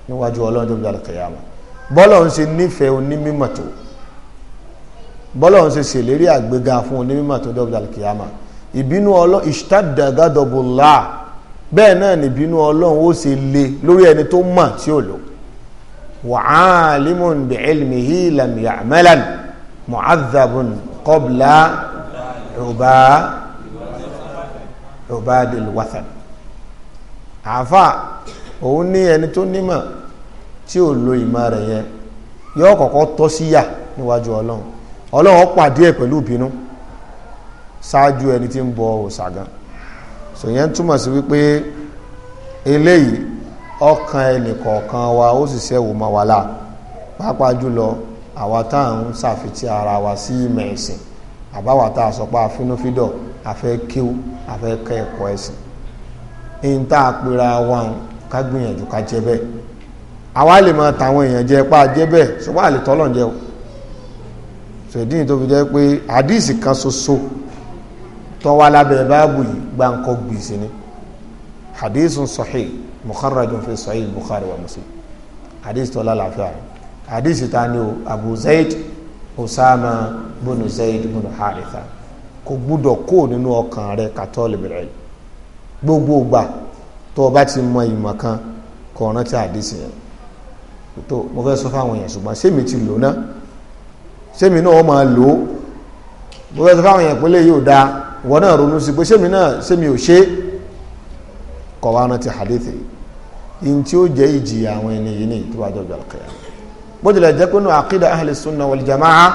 níwájú ọlọ́run tó ń darí kẹyàmọ́ bọ́lọ̀ ń bọ́lọ́run ṣe ṣèlérí àgbéga fún onímọ̀ tó dọ́gbà kìyàmà ìbínú ọlọ́ ìṣtàdàgàdọ̀bùlà bẹ́ẹ̀ náà ni ìbínú ọlọ́run ó ṣe le lórí ẹni tó mọ̀ tí ò lò wàhálímùn bìílmìhì làmìyà mẹ́lán mu'adhabun qabla ọba ọba dèlùwàtàn àáfà òun ní ẹni tó nímọ̀ tí ò lo ìmọ̀ rẹ̀ yẹn yọ kọ́kọ́ tọ́ níwájú ọlọ́run ọlọ́run pàdé ẹ̀ pẹ̀lú ìbínú ṣáájú ẹni tí ń bọ òòṣà gan so yẹn túmọ̀ sí wípé eléyìí ọkàn ẹnìkọ̀ọ̀kan wa ó sì ṣẹ́wò mọ́ wa láà pàápàá jùlọ àwa tá à ń ṣàfitì ara wa sí ìmọ̀ ẹ̀sìn àbáwá tá a sọ pé àfinúfídọ̀ àfẹ́ kíw àfẹ́ kẹ́ ẹ̀kọ́ ẹ̀sìn ń tá a pera wa ká gbìyànjú ká jẹ́ bẹ́ẹ̀ àwa lè máa tàwọn èèyàn jẹ pa jẹ́ bẹ́ẹ̀ ṣùgbọ́n àlè tọ́lọ̀ jẹ́ o sòdí tó fi jẹ́ pé àdìsí kan ṣoṣo tọ́wá lábẹ́ báàbù yìí gbáǹkọ́ gbèsè ni hadithun sahih mukharrajun fi sahih bukhari wa muslim hadith tó lálàáfíà hadith ta ni o abu zayd usama bunu zayd bunu haritha kò gbúdọ̀ kó nínú ọkàn rẹ kàtọ́ọ̀lì bẹ̀rẹ̀ gbogbo gbà tó o bá ti mọ ìmọ̀ kan kọ̀ọ̀rán ti hadith yẹn tó mo fẹ́ sọ fáwọn èèyàn ṣùgbọ́n sẹ́mi ti lò náà sẹ́mi náà wọ́n máa lò ó bó fẹ́ sọ fáwọn èèyàn pé léyìí ò dáa ìwọ náà ronú sí pé sẹ́mi náà sẹ́mi ò ṣe kọ̀ wá rántí hadith yìí tí ó jẹ́ ìjìyà àwọn ẹni yìí ní tó bá jọ gbà kẹ́yà bó tilẹ̀ jẹ́ pé nù àkídà ahli sunna wal jamaa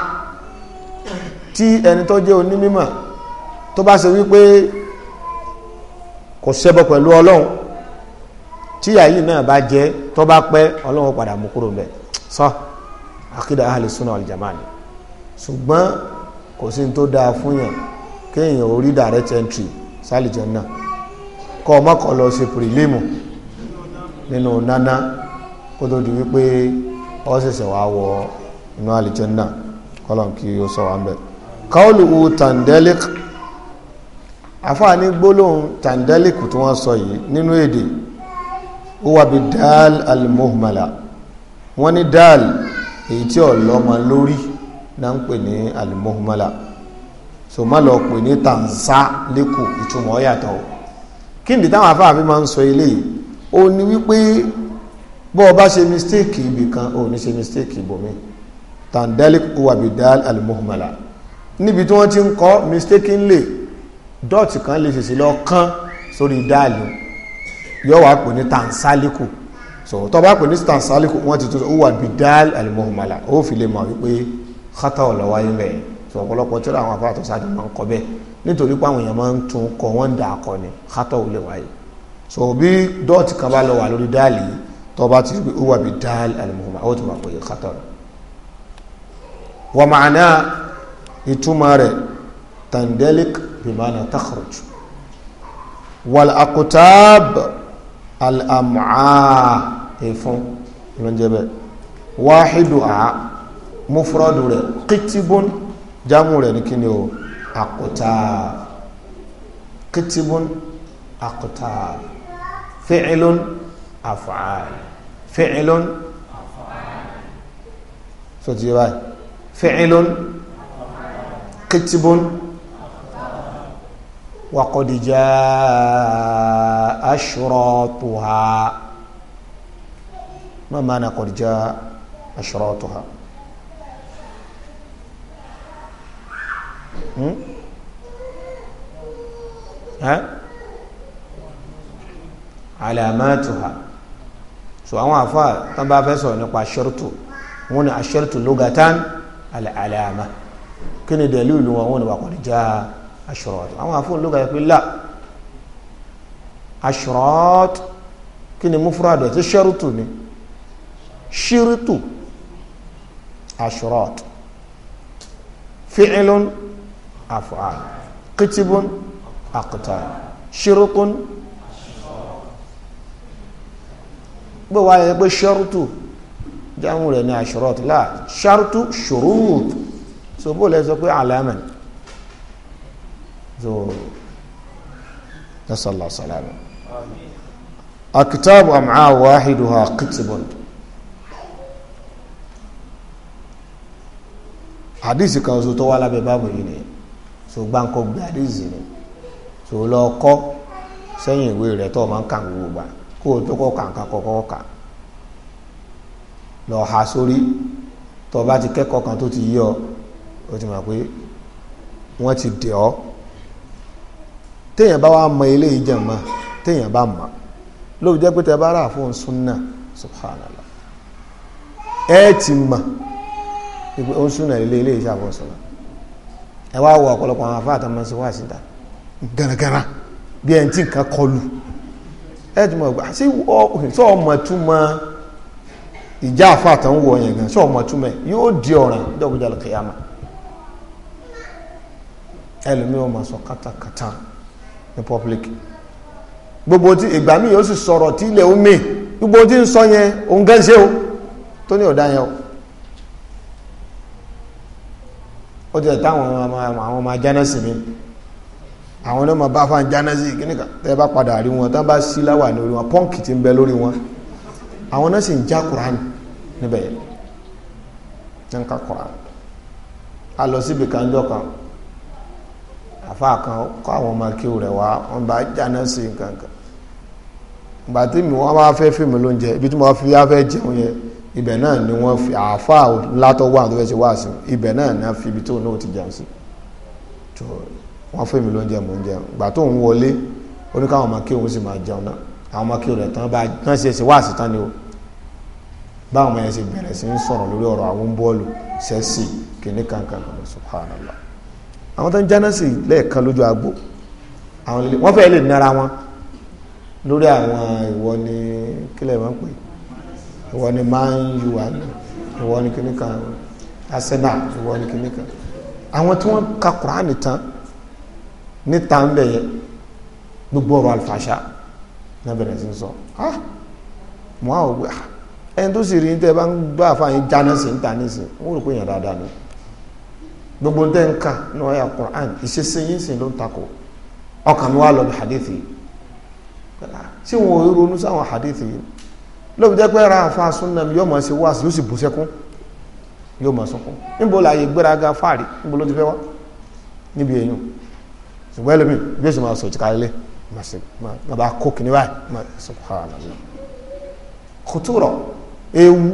tí ẹni tó jẹ́ onímọ̀ tó bá ṣe wípé kò ṣẹbọ pẹ̀lú ọlọ́run tí yàyí náà bá jẹ́ tó bá pẹ́ ọlọ́run padà mú kúrò mbẹ́ sọ àkídà ahli sunna wal jamaa ni ṣùgbọ́n kò sí tó dáa fún yàn kéèyàn ò rí direct entry sálìjẹ́ náà kọ́ ọmọ kan lọ ṣe prelim nínú nana kó tó di wípé ọ ṣẹ̀ṣẹ̀ wá wọ inú àlìjẹ́ náà kọ́lọ̀n kí ó sọ wá ń bẹ̀. kaulu tandelic àfáà gbólóhùn tandelic tí wọ́n sọ yìí nínú èdè ó dal al wọ́n ní dal èyí tí ọ̀ lọ́mọ lórí náà ń pè ní alimohumala so má lọ pè ní tansa lẹ́kù ìtumọ̀ yàtọ̀ kí nìdí táwọn afáàfin máa ń sọ eléyìí ó ní wípé bó o bá ṣe mistake ibì kan ò ní ṣe mistake ibòmí tandalik uwabidal alimohumala níbi tí wọ́n ti ń kọ́ mistakenly dọ́ọ̀tì kan lè ṣèṣe lọ kán sórí dáàlì yóò wá pè ní tansaliku so tó bá pè ní tansaliku wọ́n ti tún sọ uwabidal alimohumala ó fi lè mọ̀ wípé xata ò lọ wáyé bẹ́ẹ̀ tó ọ̀pọ̀lọpọ̀ tí ó làwọn afárá tó ṣáájú máa ń kọ bẹ́ẹ̀ nítorí pé àwọn èèyàn máa ń tún kọ wọ́n ń dà kọ ni xata ò lè wáyé so bí dọ́ọ̀tì kan bá lọ wà lórí dáàlì tó bá ti rí wà bí dáàlì alimuhuma ó ti máa pè é xata rẹ̀ wà màánà ìtumọ̀ rẹ̀ tandelik bimana takhruj wal akutab al amca efun ló wáhidu a mufrọ́dù rẹ̀ kìtìbọ́n jámù rẹ̀ ní kíni o àkùtà kìtìbọ́n àkùtà fi'ilun af'al fi'ilun so ti báyìí fi'ilun kìtìbọ́n wa qad jaa ma maana qad jaa Hmm? alamatuha so àwọn afa tán bá fẹ́ sọ̀rọ̀ nípa aṣọ́rùtù wọn ni aṣọ́rùtù lugatan alama kí ni dalilu wọn wọn ni wà kọ́ni já aṣọ́rọ̀tù àwọn afa lugatan pé la aṣọ́rọ̀tù kí ni mufrad ẹ̀ tí ṣọ́rùtù ni ṣírùtù aṣọ́rọ̀tù fi'ilun afual kitibun akutan shirukun bó wáyé pé ṣọ́rùtù jáwọn rẹ̀ ní aṣọ́rọ̀tù láà ṣọ́rùtù ṣòrùtù so bó lẹ́ sọ pé alaman so nasala salama akitabu amca waaxiduha kitibun hadisi kan so tó wá lábẹ́ ṣùgbọ́n kò gbé àdéhìsì ni tó lọ kọ́ sẹ́yìn ìwé rẹ̀ tó máa ń kà gbogbo gbà kó o tó kọ́ kàǹkà kọ́kọ́ kà lọ ha sórí tó o bá ti kẹ́kọ̀ọ́ kan tó ti yí ọ o ti mọ̀ pé wọ́n ti dè ọ́ téèyàn bá wá mọ ilé ìjàmọ́ téèyàn bá mọ̀ lóbi jẹ́ pé tẹ bá rà fún súnà subhanallah ẹ ti mọ̀ ó ń súnà ilé ilé ìṣàfọ̀sọ̀rọ̀ ẹ wá wọ ọ̀pọ̀lọpọ̀ àwọn afá àtàwọn ọmọọṣẹ́ wá síta gánagánà bí ẹni tí nǹkan kọlu ẹ ti mọ̀ gbà sí sọ ọmọ túmọ̀ ìjà afá àtàwọn wọ yẹn gan sọ ọmọ túmọ̀ yóò di ọ̀ràn dọ́gbọ́dọ́ lọ́kẹ́yàmà ẹlòmíràn máa sọ kátàkátà ní public gbogbo tí ìgbà míì yóò sì sọ̀rọ̀ tí ilẹ̀ omi gbogbo tí ń sọ yẹn òun gẹ́sẹ̀ o tó ní ọ̀dá yẹn o ó ti ẹ̀ táwọn àwọn ọmọ ajánásì mi àwọn ọmọ bá fa ajánásì kíníkà tẹ́ bá padà rí wọn tán bá sí láwà lórí wọn pọ́ǹkì ti ń bẹ lórí wọn àwọn náà sì ń já Quran níbẹ̀ yẹn ń ka Quran a lọ síbi kanjọ kan àfa kan kọ́ àwọn ọmọ akéwù rẹ̀ wá wọn bá ajánásì kankan gbàtí mi wọn bá fẹ́ fíìmù lóúnjẹ ibi tí mo fi á fẹ́ jẹun yẹn ibẹ̀ náà ni wọ́n fi àáfà látọ̀ wà tó fẹ́ ṣe wá ibẹ̀ náà ni wọ́n fi ibi tó náà ti jẹun sí tó wọ́n fún mi lóúnjẹ mò ń jẹun gbà tó ń wọlé ó ní káwọn ọmọ kí òun sì máa jẹun náà àwọn ọmọ kí òun rẹ̀ tán bá tán ṣe ṣe wá tán ni o báwọn ọmọ yẹn ṣe bẹ̀rẹ̀ sí ń sọ̀rọ̀ lórí ọ̀rọ̀ àwọn bọ́ọ̀lù sẹ́sì kìíní kankan kan subhanallah àwọn tó ń jánásì lẹ́ẹ̀kan lójú agbo àwọn wọ́n fẹ́ lè nára wọn lórí àwọn ìwọ ni kílẹ̀ máa ń pè é ìwọ ni máa ń yù wá ní ìwọ ni kìíní kan Arsenal ìwọ ni kìíní kan àwọn tí wọ́n ka Kùránì tán níta ń bẹ̀ yẹ gbogbo ọ̀rọ̀ àlùfàṣà náà bẹ̀rẹ̀ sí sọ ah mo á gbé ah ẹni tó sì rí tẹ́ bá ń gbá àfààyàn jáná sí ń ta nísìn rò pé èèyàn dáadáa ni gbogbo tẹ́ ń kà ní ọ̀yà Quran ìṣesí yín sì ló ń takò ọkàn mi wá lọ bí hadithi ah! ṣé wọn ò ronú sáwọn hadithi yìí lóbi jẹ́ pé ran àfa súnà yóò mọ̀ sí wáàsí yóò sì bù sẹ́kún yóò mọ̀ sọ́kún níbo láàyè gbéraga fáàrí níbo ló ti fẹ́ wá níbi èyàn ṣùgbọ́n ẹlòmíì bí ó sì máa sọ ìjìká ilé máa bá kó kìnní báyìí máa sọ fún ara rẹ̀ kò tó ewu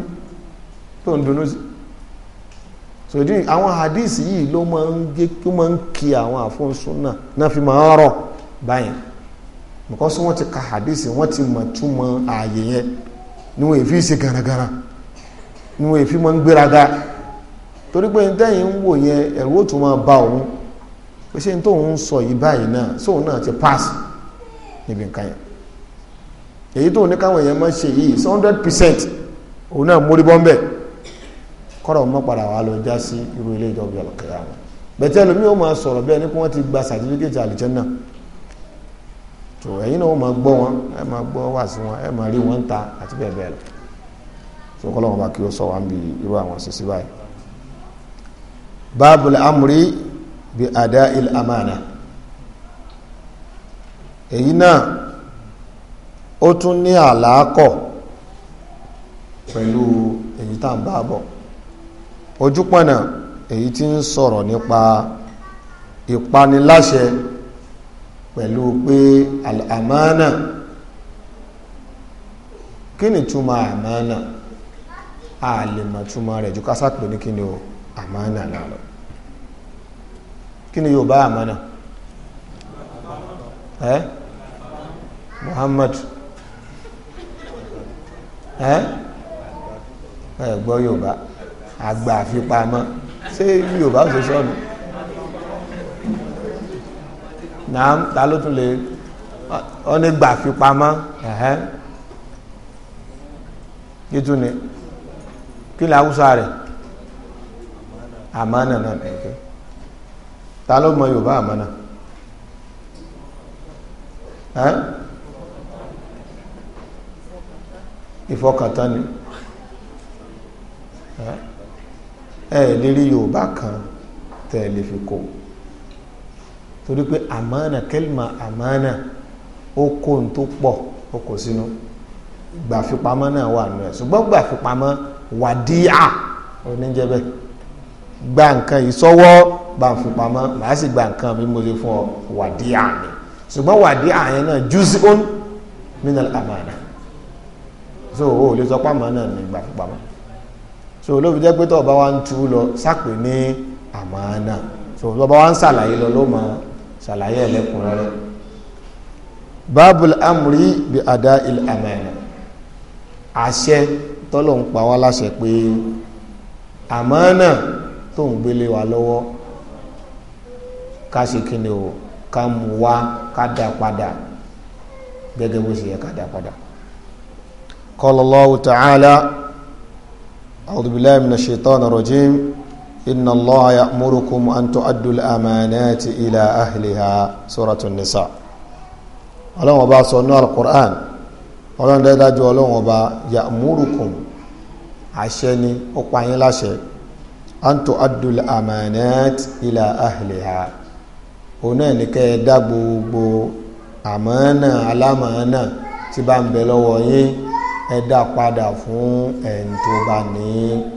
tó ń dunú sí so ìdí àwọn hadith yìí ló máa ń gé ló máa ń kí àwọn àfọ̀nsún náà náà fi máa ń rọ̀ báyìí because wọ́n ti ka hadith wọ́n ti mọ̀ túmọ̀ ààyè yẹn ni wọ́n èéfì ṣe gàràgàrà ni wọ́n èéfì mọ́ ń gbéraga torí pé ntẹ́yìn ń wò yẹn ẹ̀rù ó tún máa ba òun pé ṣé tóun ń sọ yìí báyìí náà sóun náà ti pass níbi nǹkan yẹn èyí tóun ní káwọn èèyàn máa ṣe yìí hundred percent òun náà mórí bọ́ńbẹ́ kọ́rọ̀ mọ́ padà wà lọ já sí irú ilé ìjọba ìjọba kẹyà wọn bẹ̀tẹ́ lómi ó máa sọ̀rọ̀ bẹ́ẹ̀ ni pé wọ́n ti gba certificate àlìjẹ́ tó ẹ̀yin náà ó máa gbọ́ wọn ẹ máa gbọ́ wà sí wọn ẹ máa rí wọn ta àti bẹ́ẹ̀ bẹ́ẹ̀ lọ tó kọ́ lọ́wọ́ bá kí ó sọ wá ń bi irú àwọn sísí báyìí. báàbù amúrí bí àdá il amánà èyí náà ó tún ní àlàákọ̀ pẹ̀lú èyí tá à ń bá bọ̀ ojúpọ̀nà èyí tí ń sọ̀rọ̀ nípa ìpaniláṣẹ pẹ̀lú pé àmánà kí ni túmọ̀ àmánà a lè mọ̀ túmọ̀ rẹ̀ ju kásápè ní kí ni o àmánà lálọ́ kí ni Yorùbá àmánà ẹ́ Muhammad ẹ́ ẹ̀ gbọ́ Yorùbá àgbà àfipamọ́ ṣé Yorùbá ò ṣe sọ́nù náà ta ló tún lè wọ́n ní gbà fi pamọ́ ẹ̀hẹ́ yítu ni kí ni awúsá rẹ̀ àmánà náà ẹ̀kẹ́ ta ló mọ yorùbá àmánà ẹ́ ìfọkàntán ni ẹ̀ lérí yorùbá kan tẹ̀ lè fi kó o torí pé àmánà kẹlìmà amana ó kó n tó pọ̀ ó kó sínú gbàfipamọ́ náà wà nù ẹ̀ ṣùgbọ́n gbàfipamọ́ wàdíà oníjẹ́bẹ̀ gba nǹkan yìí sọ́wọ́ bá ń fipamọ́ màá sì gba nǹkan bí mo ṣe fún ọ wàdíà mi ṣùgbọ́n wàdíà yẹn náà júùsì ó ń amana so o lè sọ pàmò náà ní gbàfipamọ́ so olóbi jẹ́ pé tọ́ọ̀bá wa ń tu lọ sápè ní àmàna so tọ́ọ̀bá wa ń ṣàlàyé lọ ló máa ṣàlàyé ẹlẹ́kùnrẹ́rẹ́ bábùl amúrí bí adá il amana àṣẹ tọ́lọ̀ ń pa wá láṣẹ pé àmánà tó ń gbélé wa lọ́wọ́ ká ṣe kí ni o ká mú wá ká dá padà gẹ́gẹ́ bó ṣe yẹ ká dá padà qala Allahu ta'ala a'udhu billahi minash shaitanir rajim. إن الله يأمركم أن تؤدوا الأمانات إلى أهلها سورة النساء ọlọ́run ọba sọ ní alukur'an ọlọ́run dájú ọlọ́run ọba ya'murukum àṣẹ ni ó pa yín láṣẹ an tu'addu al-amanat ila ahliha òun náà ní kẹ́ ẹ dá gbogbo àmánà alámánà tí bá ń bẹ lọ́wọ́ yín ẹ dá padà fún ẹni tó bá ní í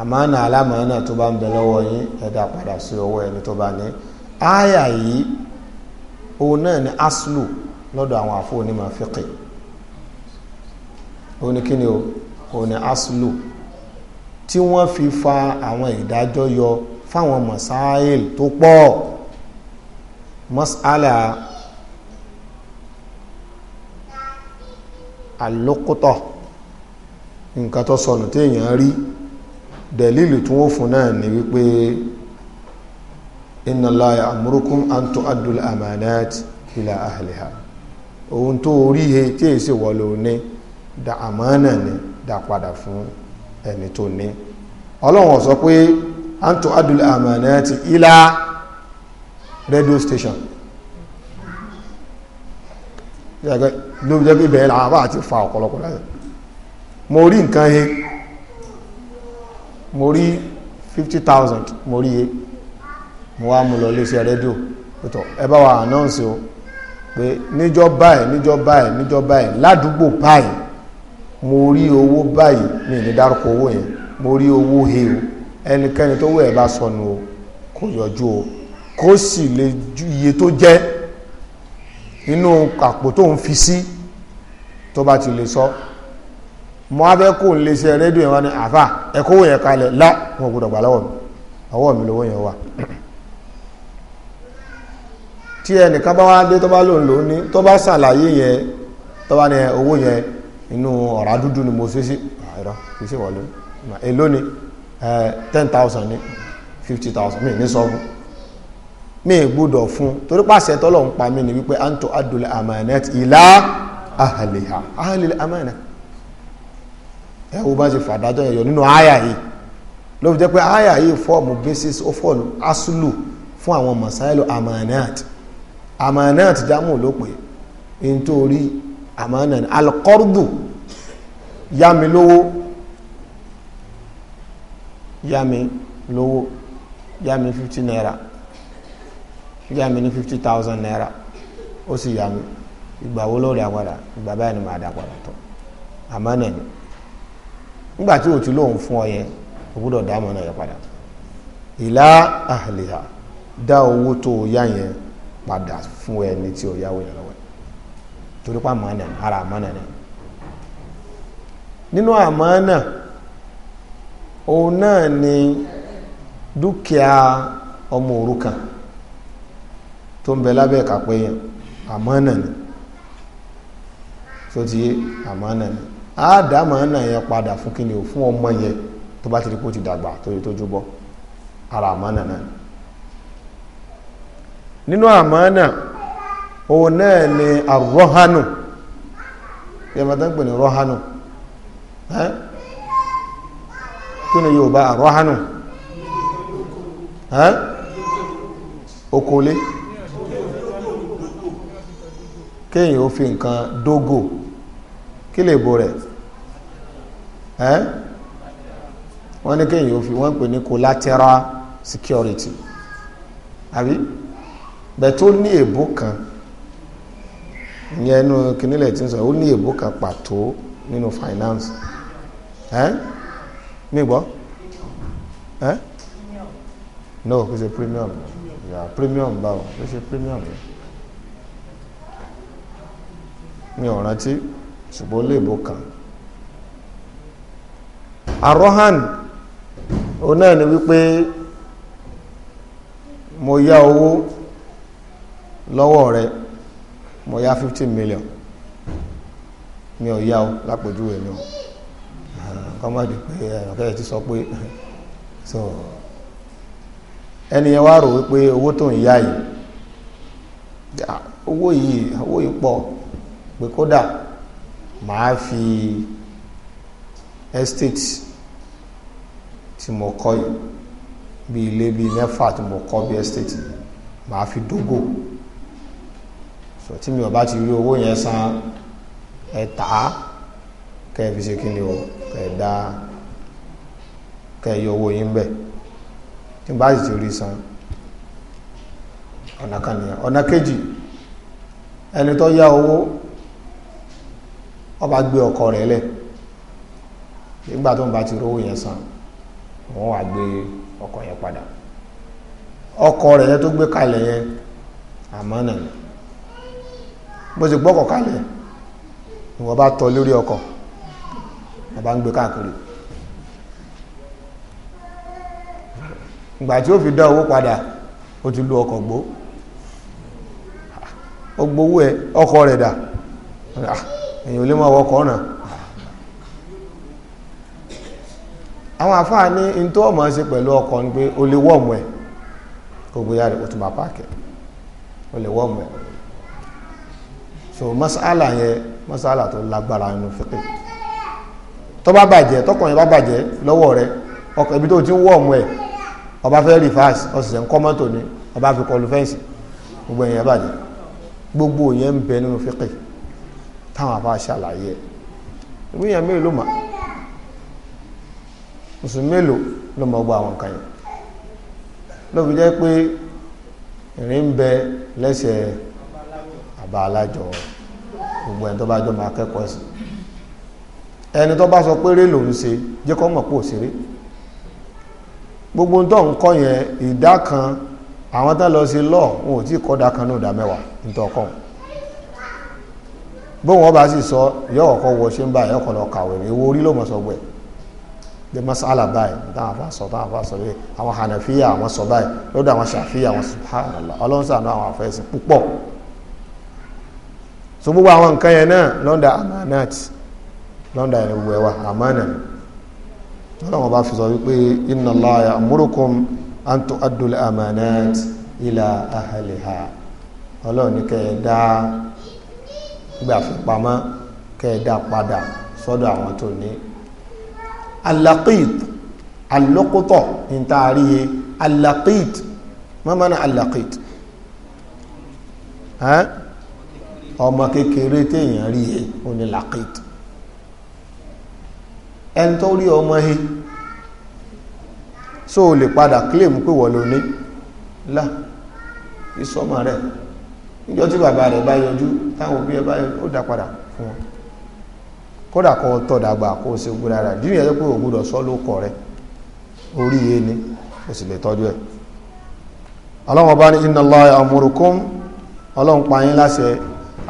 àmánà alámánà tó bá ń bẹ lọ́wọ́ yín ẹ dá padà sí ọwọ́ ẹni tó bá ní áyà yìí òun náà ni aslu lọ́dọ̀ àwọn àfọ onímọ̀ fíkì òun ni kíni o òun ni aslu tí wọ́n fi fa àwọn ìdájọ́ yọ fáwọn masáìl tó pọ̀ masala alókótọ̀ nǹkan tó sọnù téèyàn dẹ̀lílù tí wọ́n fún náà ni wípé inna Allaha ya'murukum an tu'addul amanati ila ahliha ohun tó rí he tí èyí sì wọ́n lò ní dá àmánà ni dá padà fún ẹni tó ní ọlọ́run sọ pé an tu'addul amanati ila radio station ló jẹ́ pé bẹ̀rẹ̀ àwọn àbá àti fa ọ̀pọ̀lọpọ̀ láyé mo rí nǹkan he mo rí fifty thousand mo rí iye mo wá mu lọ léṣe rédíò pẹ̀tọ̀ ẹ bá wa announce o pé níjọ́ báyìí níjọ́ báyìí níjọ́ báyìí ládùúgbò báyìí mo rí owó báyìí mi ní dárúkọ owó yẹn mo rí owó he o ẹnikẹ́ni tó wẹ̀ bá sọnù o kò yọjú o kó sì lè ju iye tó jẹ́ inú àpò tó ń fi sí tó bá ti lè sọ. So mo á fẹ́ kó n lè ṣe rédíò yẹn wá ní àfà ẹ̀kọ́ wo yẹn kalẹ̀ lá wọn gbọdọ̀ gbà lọ́wọ́ mi ọwọ́ mi lówó yẹn wà. tí ẹnìkan bá wá dé tó bá lòun lòun ní tó bá ṣàlàyé yẹn tó bá ní owó yẹn inú ọ̀rá dúdú ni mo ṣe sí ẹ̀rọ ah, kì í ṣe wọlé èló ni eh, ten thousand ní fifty thousand mi ní sọ fún mi gbúdọ̀ fún torí pàṣẹ tọ́lọ̀ ń pa mí ni wípé anto adùlẹ̀ amanat ìlà ahàlìhà ahàlìhà amanat ẹ wo bá ṣe fàdájọ́ yẹn yọ nínú àyà yìí ló fi jẹ́ pé àyà yìí fọ́ọ̀mù basis ó fọ́ọ̀lù asulu fún àwọn masáìlú amanat amanat jámù ló pè nítorí amanat alqardu yámi lówó yámi lówó yámi fifty naira yámi ní fifty thousand naira ó sì yámi ìgbà wo lórí àwọn àdá ìgbà báyìí ni màá dá padà tọ amánà ni nígbà tí o ti lóun fún ọ yẹn o gbọ́dọ̀ dá ọmọ náà yẹ padà ìlà àhàlìhà dá owó tó o yá yẹn padà fún ẹni tí o yáwó yẹn lọ́wọ́ torí pa àmánà ara àmánà ni nínú àmánà òun náà ni dúkìá ọmọ òrukàn tó ń bẹ lábẹ́ ìkápẹ́ yẹn àmánà ni tó ti yé àmánà ni á dá màánà yẹn padà fún kíni o fún ọmọ yẹn tó bá ti rí kó ti dàgbà torí tó júbọ ara àmánà náà nínú àmánà òun náà ni àrọ́hánù yẹmọ̀tá ń pè ní rọ́hánù kí ni Yorùbá àrọ́hánù okòólé kéèyàn ó fi nǹkan dógò kí lè bo rẹ̀ ẹ́n wọ́n ní kéèyàn ó fi wọ́n pè ní collateral security àbí bẹ́ẹ̀ tó ní èbó kan ìyẹn inú kìnìlẹ̀ tí ń sọ ó ní èbó kan pàtó nínú finance ẹ́n mi gbọ́ ẹ́n no kò ṣe premium yeah, premium báwo kò ṣe premium yẹn mi ò rántí ṣùgbọ́n ó lè èbó kan. arọ́hàn òun ni wipe mo yá owo lọ́wọ́ rẹ mo yá fifteen million mi o lápòjúwe mi o kọ́mọ́dé pé ọ̀kẹ́ ti sọ pe <laughs> so ẹni yẹn wá rò wípé owó tó ń yá yìí owó yìí owó yìí fi estate tí mo kọ́ yìí bí ilé bíi mẹ́fà tí mo kọ́ fi dógò so tí mi ò bá ti rí owó yẹn san ẹ tà á ẹ fi ṣe kí ni o ẹ dá ẹ yọ owó yín bẹ̀ tí mo bá sì ti rí san ọ̀nà kan nìyẹn kejì ẹni tó yá owó ọba gbé ọkọ rẹ̀ lẹ nígbà tó ń san wọ́n wá gbé ọkọ̀ yẹn padà ọkọ̀ rẹ̀ yẹn tó gbé kalẹ̀ yẹn àmọ́ nà ní bó ti gbọ́kọ̀ kalẹ̀ ni wọ́n bá tọ lórí ọkọ̀ wọ́n bá ń gbé káàkiri ìgbà tí ó fi dá owó padà ó ti lu ọkọ̀ gbó ó gbowó ẹ ọkọ̀ rẹ̀ dà ah, èèyàn ò lè mọ ọkọ̀ náà àwọn àfáà ní n tó ọmọ ṣe pẹ̀lú ọkọ̀ ni pé o lè wọ́ọ̀mù ẹ̀ kó gbéyà rẹ̀ o tún bá páàkì o lè wọ́ọ̀mù ẹ̀ so masala yẹn masala tó lágbára nínú fẹ́kẹ̀ tó bá bàjẹ́ tọkọ̀ yẹn bá bàjẹ́ lọ́wọ́ rẹ̀ ọkọ̀ ibi tó ti ń wọ́ọ̀mù ẹ̀ ọba fẹ́ rìfáàsì ọ̀sẹ̀ ń kọ́ mọ́tò ni ọba fi kọlu fẹ́ǹsì gbogbo ẹ̀yẹn bàjẹ́ gbogbo yẹn ń bẹ nínú fẹ́kẹ̀ táwọn àbá ṣàlàyé ẹ̀ ìwé yẹn mélòó máa mùsùlùmí mélòó ló mọ gbọ́ àwọn kan yìí ló fi jẹ́ pé ìrìn ń bẹ lẹ́sẹ̀ àbá alájọ gbogbo ẹni tó bá jọ máa kẹ́kọ̀ọ́ sí ẹni tó bá sọ pé eré lòún ṣe jẹ́ kó mọ̀ pé òṣèré gbogbo tó ń yẹn ìdá kan àwọn tó lọ sí lọ́ọ̀ wọn ò tí kọ́ dá kan ní ìdá mẹ́wàá nítọ́kọ̀ bóun ọba sì sọ yọ̀ọ̀kọ́ wọ ṣe ń bá yọ̀ọ̀kọ́ lọ kàwé ewu orí ló mọ̀ sọ gbẹ̀ẹ́ de masala báyìí táwọn afa sọ táwọn afa sọ bẹ́ẹ̀ àwọn hanafiya àwọn sọ báyìí lọ́dọ̀ àwọn shafiya àwọn subhanallah ọlọ́nsàánú àwọn afẹ́sìn púpọ̀ so gbogbo àwọn nǹkan yẹn náà lọ́ndà amanat lọ́ndà yẹn gbogbo ẹwà amana ọlọ́wọ́n bá fi sọ wípé inna Allaha ya'murukum an tu'addu al-amanat ila ahliha ọlọ́run ní kẹ́ ẹ dá gbàfipamọ́ kẹ́ ẹ dá padà sọ́dọ̀ àwọn alaqit alokutọ ntaariye alaqit mamana alaqit hàn ọmọ kékeré téèyàn rí e òní laqit ẹni tó rí ọmọ he so o lè padà claim pé wọ́n ló ní là ìsọmọ rẹ̀ níjọ́ tí bàbá rẹ̀ bá táwọn òbí ẹ bá yọjú ó dá padà fún wọn kódà kọ́ tọ́ dàgbà kó o ṣe gbé dára dínú yẹn pé ògbúdọ̀ sọ ló kọ̀ rẹ orí yé e ni o sì lè tọ́jú ẹ̀ ọlọ́run ọba ní inna Allaha ya'murukum ọlọ́run pa yín láṣẹ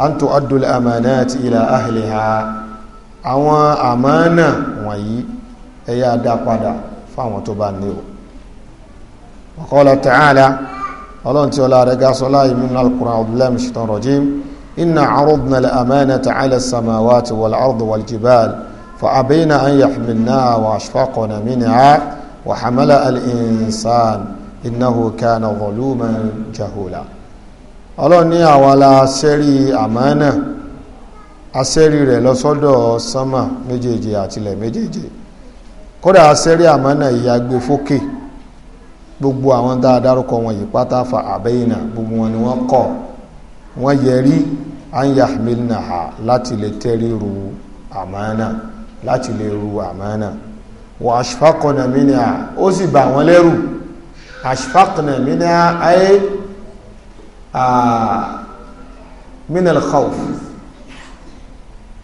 an tu'addul amanati ila ahliha àwọn àmánà wọ̀nyí ẹ dá padà fáwọn tó bá ní o wa qala ta'ala ọlọ́run tí ọlá rẹ̀ gá sọ láì min إنا عرضنا الأمانة على السماوات والأرض والجبال فأبين أن يحملناها وأشفقن منها وحمل الإنسان إنه كان ظلوما جهولا ọlọ́run ní àwa la sẹ́rí àmánà asẹ́rí rẹ̀ lọ́sọ́dọ̀ sánmà méjèèje àtìlẹ̀ méjèèje kódà asẹ́rí àmánà yìí agbé fókè gbogbo àwọn dáadáa wọn yìí pátá fa àbẹ́yìnà gbogbo wọn ni wọ́n kọ̀ wọ́n yẹrí anyahmilnaha láti lè tẹ́rí ru àmánà láti lè ru àmánà wọ́n ashfaqna minha ó sì bà wọ́n lẹ́rù ashfaqna minha ayé minal khawf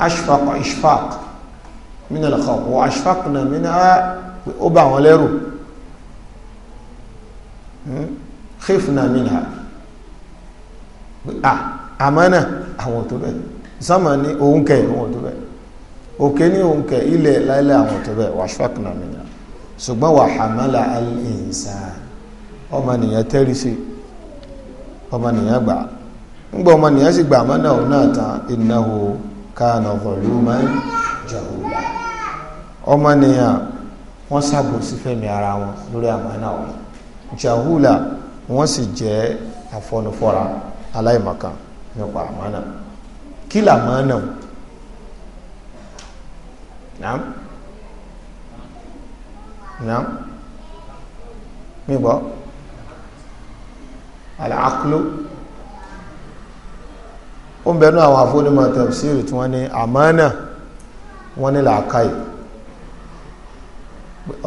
ashfaq ishfaq minal khawf wọ́n ashfaqna minha ó bà wọ́n lẹ́rù hmm? khifna minha àmánà àwọn tó bẹ̀ sánmà ní òun kẹ̀ òun tó bẹ̀ òkè ní òun kẹ̀ ilẹ̀ láìlẹ̀ àwọn tó bẹ̀ wà ṣọ́kùnà mìíràn ṣùgbọ́n wà hàmàlà al-insan ọmọnìyàn tẹ́rí sí ọmọnìyàn gbà ńgbà ọmọnìyàn sì gbà àmánà òun náà tán innahu kana zaluman jahula ọmọnìyàn wọ́n ṣàbòsí fẹ́mi ara wọn lórí àmánà òun jahula wọ́n sì jẹ́ àfọnufọ́ra aláìmọ̀kan nípa àmánà kí làmánà nàám nàám mi gbọ́ àlàákúlò ó ń bẹnu àwọn afọ́nímọ̀ tafsiri tí wọ́n ní àmánà wọ́n ní làákàyè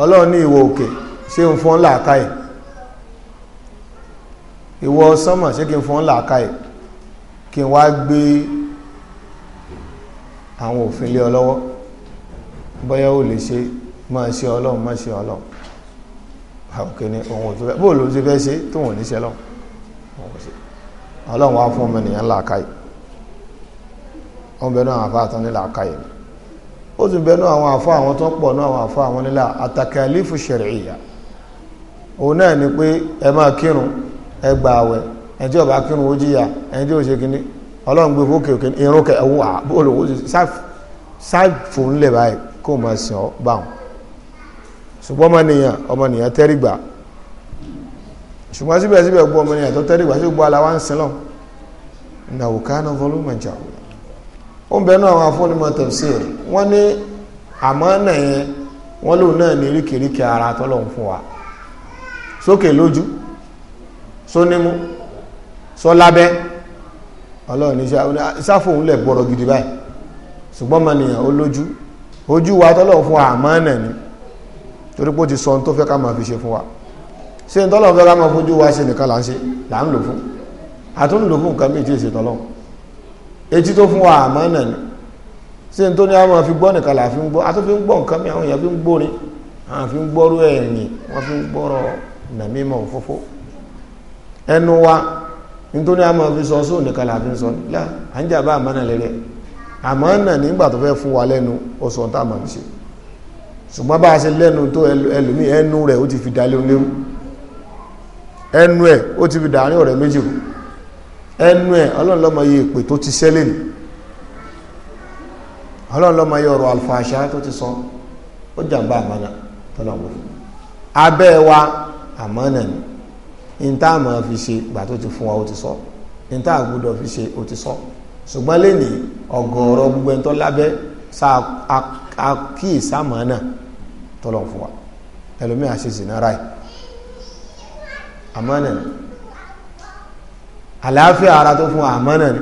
ọlọ́run ní ìwọ òkè ṣé ń fún làákàyè ìwọ sánmà ṣé kí n fún làákàyè kí n wá gbé àwọn òfin lé ọ lọ́wọ́ bóyá ó lè ṣe máa ṣe ọlọ́run máa ṣe ọlọ́run àwòké ni ohun tó fẹ́ bó ló ti fẹ́ ṣe tó wọ́n ní ṣe lọ́run ọlọ́run wá fún ọmọ ènìyàn làákàyè wọ́n bẹ̀rù àwọn àfáà tán ní làákàyè ó tún bẹ̀rù àwọn àfáà àwọn tó pọ̀ ní àwọn àfáà àwọn nílà àtàkàlífù ṣẹ̀rẹ̀ ìyà òun náà ni pé ẹ máa kírun ẹ gba àwẹ̀ ẹni tí ó bá kírun ẹni tí ṣe kíní ọlọ́run gbé fókè òkè irun kẹ ṣáàfù ńlẹ̀ báyìí kó o máa sìn ọ́ bá wọn ṣùgbọ́n ọmọnìyàn ọmọnìyàn tẹ́rìgbà ṣùgbọ́n síbẹ̀síbẹ̀ gbọ́ ọmọnìyàn tó tẹ́rìgbà tó gbọ́ aláwa ń sin lọ kánú fọlọ́mọjà ó ń bẹnu àwọn afọ́nimọ̀ wọ́n ní àmọ́ náà yẹn wọ́n lòun náà ní ara sónímú sọlábẹ́ ọlọ́run ìsáfòhún ah, lẹ̀ gbọ́rọ̀ gidi báyìí ṣùgbọ́n ma ó lójú ojú wa tọ́lọ̀ fún àmánà ni torí pé ó ti sọ tó fẹ́ ká máa fi ṣe fún wa ṣe ń tọ́lọ̀ fẹ́ ká máa fojú wa ṣe nìkan là ń ṣe là ń lò fún àtún lò fún nǹkan méjì ṣe tọ́lọ̀ etí tó fún wa àmánà ni ṣe ń tó ní àwọn fi gbọ́ nìkan là fi ń gbọ́ àtún fi ń gbọ́ nǹkan mi àwọn èèyàn fi ń gbórin àwọn fi ń gbọ́rú ẹ̀yìn wọ́n fi ń gbọ́rọ̀ nàmímọ̀ òfófó ẹnu wa nítorí a fi sọ sóò nìkan là fi sọ nílá à ń jà nígbà wa tá a máa fi ṣe ṣùgbọ́n bá a ṣe lẹ́nu tó ẹnu ó ti fi dalé onílé ẹnu ẹ̀ ó ti fi dàárín ọ̀rẹ́ méjì o ẹnu ẹ̀ ọlọ́run lọ́mọ yẹ ti ti sọ ó jàǹbá àmánà tọ́lọ́wọ́ abẹ́ wa ni níta àmọ́ fi ṣe gbà tó ti fún wa ó ti sọ níta àgbọ́dọ̀ fi ṣe ó ti sọ ṣùgbọ́n lẹ́nìí ọ̀gọ̀ọ̀rọ̀ gbogbo ẹni lábẹ́ sa àkíyèsámọ́ náà tọ́lọ̀ fún wa ẹlòmíà ṣe sì náà ráì àmọ́nà ni àlàáfíà ara tó fún wa àmọ́nà ni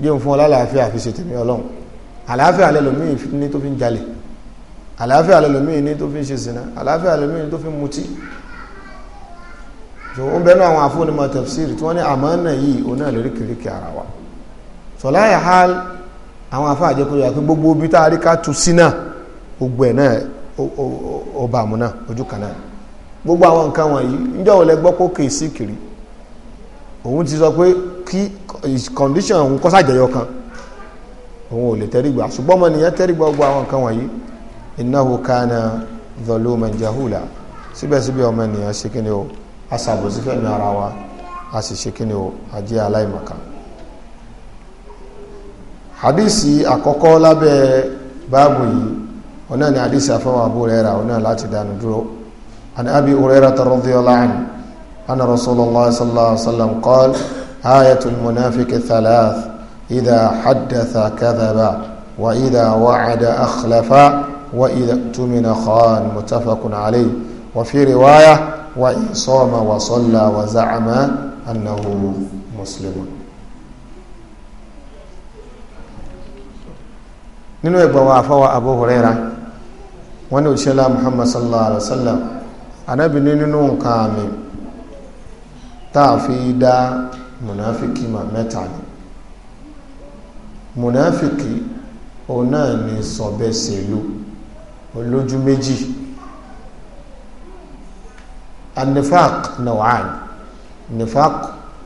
bí òun fún ọ lálàáfíà fi ṣe tèmi ọlọ́run àlàáfíà lẹ́lòmíì ní tó fi ń jalè àlàáfíà lẹ́lòmíì ní tó fi ń ṣe sìnà àlàáfíà lẹ́lòmíì ní tó fi ń mutí so ó ń bẹ́nu àwọn àfúnimọ̀ tafsiri tí wọ́n ní àmánà yìí òun náà lóríkìríkì ara wa sọláyà hal àwọn afáàjẹ kó yà pé gbogbo ibi tá a rí ká tu sí náà gbogbo ẹ̀ náà ọba àmú náà ojú kan náà gbogbo àwọn nǹkan wọ̀nyí níjọ́ wọlé gbọ́ kó kè sí kiri òun ti sọ pé kí condition òun kọ́ sàjẹyọ kan òun ò lè tẹ́rìgbà ṣùgbọ́n ọmọ nìyẹn tẹ́rìgbà gbogbo àwọn nǹkan wọ̀nyí innahu kana zaluman jahula síbẹ̀síbẹ̀ ọmọ nìyẹn ṣe kí ni o a ṣàbòsí fẹ́mi ara wa a sì ṣe kí ni o a jẹ́ aláìmọ̀kan hadisi àkọ́kọ́ lábẹ́ báàbù yìí ọ̀nà ni hadisi àfọwọ́ Abu Hurairah ọ̀nà láti dánu dúró an Abi Hurairah radhiyallahu anhu anna Rasulullah sallallahu alaihi wasallam qala ayatul munafiqi thalath idha haddatha kadhaba wa idha wa'ada akhlafa wa idha tumina khan muttafaqun alayhi wa fi riwayah wa in sọ́ọ̀mà wa sọ́lá wa za'ama annahu muslimun nínú ẹgbẹ́ wa àfọwọ́ Abu Huraira wọ́n ní òṣèlá Muhammad sallallahu alaihi wasallam anábì ní nínú nǹkan àmì táà fi dá mùnáfíkì mà mẹ́ta ni mùnáfíkì òun náà ni sọ̀bẹ́sẹ̀lú olójú méjì anifaq nawaan nifaq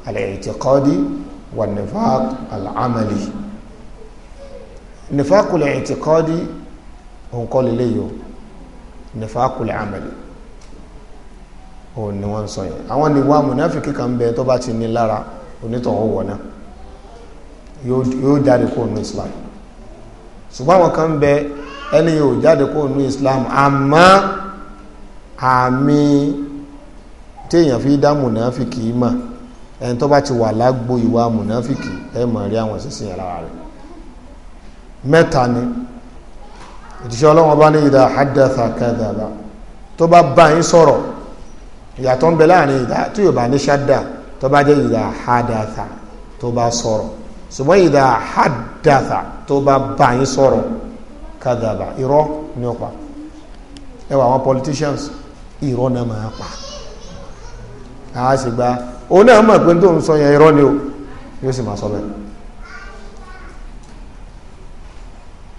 al-i'tiqadi wa nifaq al-amali nifaq al-i'tiqadi ònkọ́ lélẹ́yìí o nifaq al-amali òun ni wọ́n ń sọ yẹn àwọn ni wá mùnáfíkì kan bẹ tó bá ti ní lára onítọ̀hún wọ̀ náà yóò jáde kó nu islam ṣùgbọ́n àwọn kan bẹ ẹni yóò jáde kó nu islam àmọ́ àmì téèyàn fi dá mùnàfíkì mà ẹni tó bá ti wà lágbo ìwà mùnàfíkì ẹ mọ̀ rí àwọn ìṣẹ̀ṣẹ̀ yẹn lára rẹ̀ mẹ́ta ni òtíṣẹ́ ọlọ́wọ́n bá ní ìdá àdáta kadhaba tó bá bá yín sọ̀rọ̀ ìyàtọ̀ ń bẹ láàrin ìdá tí yóò bá ní ṣáda tó bá jẹ́ ìdá àdáta tó bá sọ̀rọ̀ ṣùgbọ́n ìdá àdáta tó bá bá yín sọ̀rọ̀ kadhaba irọ́ ni ó pa ẹ wà àwọn politicians irọ́ náà máa pa àwọn àṣègbà òun náà mọ̀ pé tó ń sọ yẹn irọ́ ni o yóò sì máa sọ bẹ́ẹ̀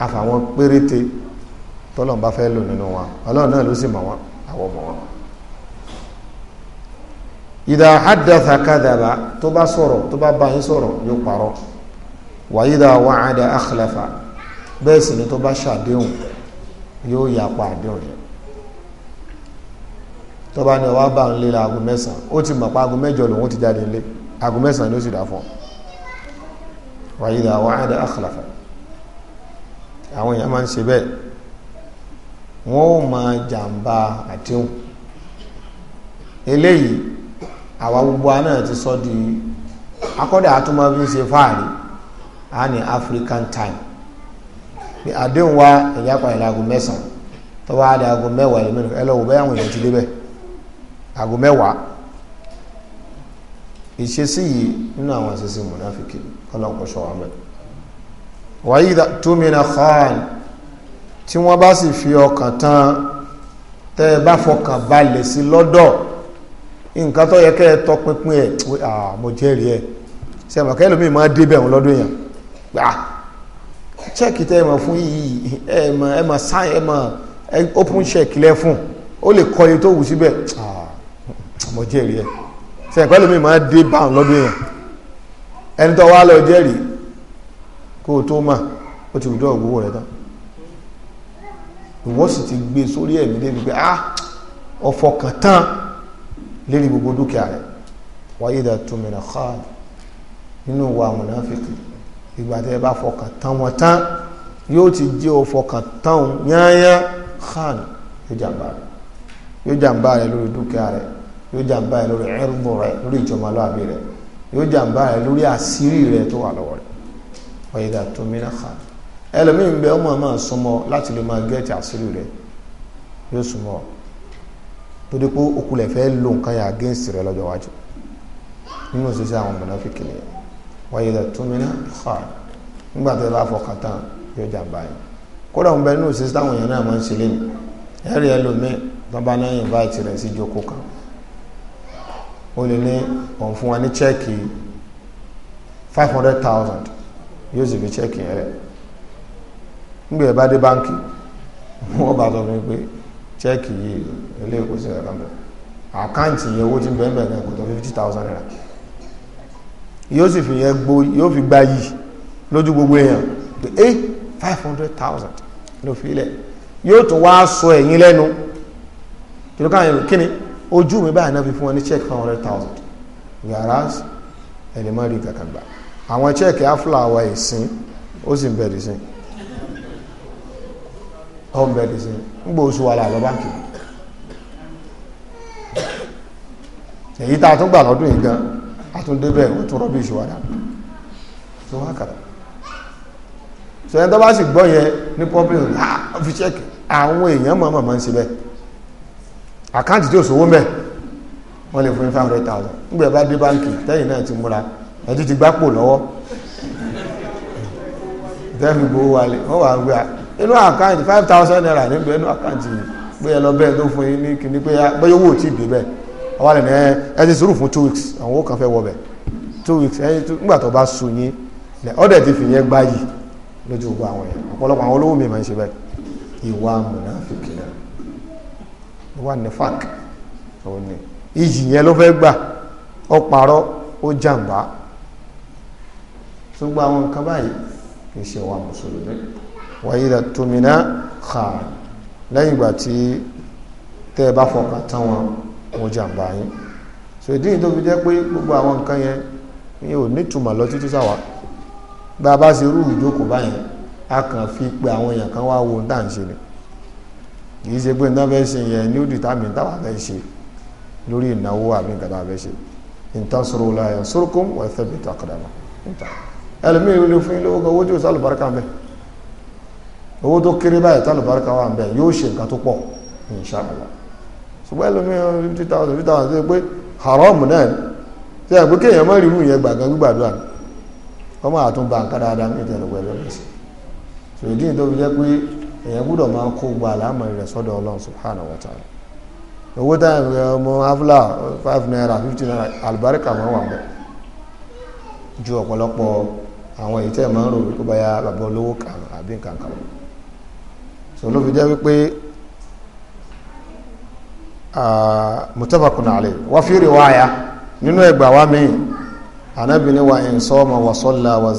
àfàwọn péréte tọ́lọ́n bá fẹ́ lò nínú wọn ọlọ́run náà ló sì mọ̀ wọn àwọn mọ̀ wọn ìdá àdàtà kádàbà tó bá sọ̀rọ̀ tó bá bá yín sọ̀rọ̀ yóò parọ́ wàyídà wàhádà àkàlàfà bẹ́ẹ̀ sì ni tó bá ṣàdéhùn yóò yapa àdéhùn yẹn tọ́ba ni ọwọ́ bá ń lé la aago mẹ́sàn-án ó ti mọ̀ pa aago mẹ́jọ lòun ti jáde nílé aago mẹ́sàn-án ló sì dà fún ọ wàyí dà wọ́n á dá àkàlàfà àwọn èèyàn máa ń ṣe bẹ́ẹ̀ wọ́n ó máa jàǹbá àdéhùn eléyìí àwa gbogbo aná ti sọ di akọ́dà àtúmọ̀ fi ṣe fáàrí a ní African time àdéhùn wa ẹ̀yà pàdé aago mẹ́sàn-án tọ́wọ́ á dá aago mẹ́wàá ẹ̀lẹ́mẹ́rin ẹlọ́wọ́ bẹ́ẹ̀ àwọn èèyàn ti débẹ̀ aago mẹ́wàá ìṣesí yìí nínú àwọn ìṣesí mùnáfíkì kọ́lọ̀ kò ṣọwọ́ mẹ́ wàyí túmínà khan tí wọ́n bá sì fi ọkàn tán tẹ́ ẹ bá fọkàn balẹ̀ sí lọ́dọ̀ nǹkan tó yẹ kẹ́ ẹ tọpinpin ẹ̀ mo jẹ́rìí ẹ̀ ṣe mọ̀ kẹ́lòmíì máa débẹ̀ wọn lọ́dún yẹn gbà check tẹ́ ẹ mọ̀ fún yìí ẹ mọ̀ ẹ mọ̀ sign mọ̀ open check lẹ́ fún ó lè kọ́ iye tó wù síbẹ̀ ah mo jẹ́rìí ẹ̀ sẹ́yìn pẹ́lú mi máa dé báwọn lọ́dún èèyàn ẹni tó wá lọ jẹ́rìí kó o tó mà ó ti wùdọ́ ògbówó rẹ̀ tán ìwọ sì ti gbé e sórí ẹ̀mí débi pé ah ọ̀fọ̀ kan tán lérí gbogbo dúkìá rẹ̀ wáyé dà túnmí nà xaal nínú wa mùnáfíkì ìgbà tẹ́ ẹ bá fọkàn tán wọn tán yóò ti jẹ́ ọ̀fọ̀ kan tán yányá xaal yóò jàmbá rẹ̀ yóò jàmbá rẹ̀ lórí dúkìá rẹ̀ yóò jàǹbá rẹ lórí ẹrùbọ rẹ lórí ìjọba lọ́àbí rẹ yóò jàǹbá rẹ lórí àṣírí rẹ tó wà lọ́wọ́ rẹ ọ̀yẹ̀dà tó mìíràn kà ẹlòmíín bẹ ọmọ máa súnmọ́ láti lè máa gẹ́ẹ̀tì àṣírí rẹ yóò súnmọ́ torí pé okulẹ̀ fẹ́ lo nǹkan yà against rẹ lọ́jọ́ wájú nínú òṣìṣẹ́ àwọn mọ̀nàfíkì ni ọ̀yẹ̀dà tó mìíràn kà nígbà tó bá fọkàn tán yóò jàǹbá yẹn kódà ń bẹ nínú òṣìṣẹ́ àwọn ó lè ní òun fún wa ní chẹ́ẹ̀kì five hundred thousand yóò sì fi chẹ́ẹ̀kì yẹn rẹ̀ nígbà yẹn bá dé báńkì <laughs> wọ́n bá sọ fún mi pé chẹ́ẹ̀kì yìí ilé ìkó sí ẹ̀ka mẹ́rin àkáǹtì yẹn owó tí bẹ́ẹ̀ bẹ́ẹ̀ kan kò tó fifty thousand naira yóò sì fi yẹn gbó yóò fi gba yìí lójú gbogbo èèyàn pé eh five hundred thousand ló fi ilẹ̀ yóò tún wá sọ ẹ̀yìn lẹ́nu kí ló káwọn kí ni ojú mi báyìí náà fi fún wọn ní check five hundred thousand whereas ẹni má rí kankan gbà àwọn check afla wa ìsìn ó sì ń bẹ̀rẹ̀ sí ó ń bẹ̀rẹ̀ sí ń gbọ́ oṣù wa là báńkì èyí tá a tún gbà lọ́dún yìí gan a tún débẹ̀ ó tún rọ́bì ìṣòwò àdá tó wá kàrà sọ̀rọ̀ tó bá sì gbọ́ yẹ ní pọ́pìlì à ah, fi check àwọn èèyàn mọ̀ọ́mọ̀ máa ń ṣe bẹ́ẹ̀. àkáǹtì tí ò sówó mẹ́ wọ́n lè fún ní five hundred thousand nígbà bá dé báńkì tẹ́yìn náà ti múra ẹ̀jú ti gbowó wálé wà gbé inú àkáǹtì five thousand naira níbi inú àkáǹtì pé ẹ lọ bẹ́ẹ̀ tó fún yín ní kíní pé ah, bẹ́ẹ̀ owó tí ì dé bẹ́ẹ̀ ọwọ́ eh, ẹ ti sùúrù fún two weeks àwọn ó kàn fẹ́ wọ two weeks ẹ̀yìn nígbà tó bá sùn yín ti fìyẹn gbáyì lójú gbogbo àwọn wà ní fak òun ni iyì yẹn ló fẹ́ gbà ó parọ́ ó jàǹbá ṣùgbọ́n àwọn nǹkan báyìí kì í ṣe wà mùsùlùmí wàyí rẹ̀ tómìnà xaà lẹ́yìn ìgbà tí tẹ́ ẹ bá fọkàn tán wọn wọn jàǹbá yín so ìdí yìí tó fi jẹ́ pé gbogbo àwọn nǹkan yẹn mi ò nítumọ̀ lọ títí sáwà bá a bá ṣe rú ìjókòó báyẹn a kàn fi pe àwọn èèyàn kan wá wo ohun tá à ń ṣe ni kì í ṣe pé nǹkan fẹ́ ṣe yẹn ní ó dì tàbí táwa fẹ́ ṣe lórí ìnáwó àbí nǹkan táwa fẹ́ ṣe intasuru la yansurkum wa yuthabbit aqdamakum ẹlòmíì ló fún yín lówó kan owó tí ó sá lùbáríkà ń bẹ owó tó kéré báyìí tá lùbáríkà wà ń bẹ yóò ṣe nǹkan tó pọ̀ insha Allah ṣùgbọ́n ẹlòmíì fifty thousand fifty thousand pé haram náà é pé kéèyàn má rí irú yẹn gbàgán gbígbàdúrà ọmọ àtúnbà nǹkan dáadáa ní ìtẹ̀lẹ̀ pẹ̀lú ẹ̀sìn ṣòdí èèyàn gbúdọ̀ máa kó gba àlámọ̀rí rẹ̀ sọ́dọ̀ ọlọ́run subhanahu wa ta'ala owó táyà rẹ̀ ọmọ avila five naira fifty naira alibarika máa wà ju ọ̀pọ̀lọpọ̀ àwọn èyí tẹ́ ẹ̀ máa ń rò wípé báyà bàbá olówó kan àbí nǹkan kan so ló fi jẹ́ wípé mutafakun alẹ́ wọ́n fi rí wáyà nínú ẹgbàá wa mí wa ẹ̀ ń sọ́ ọmọ wa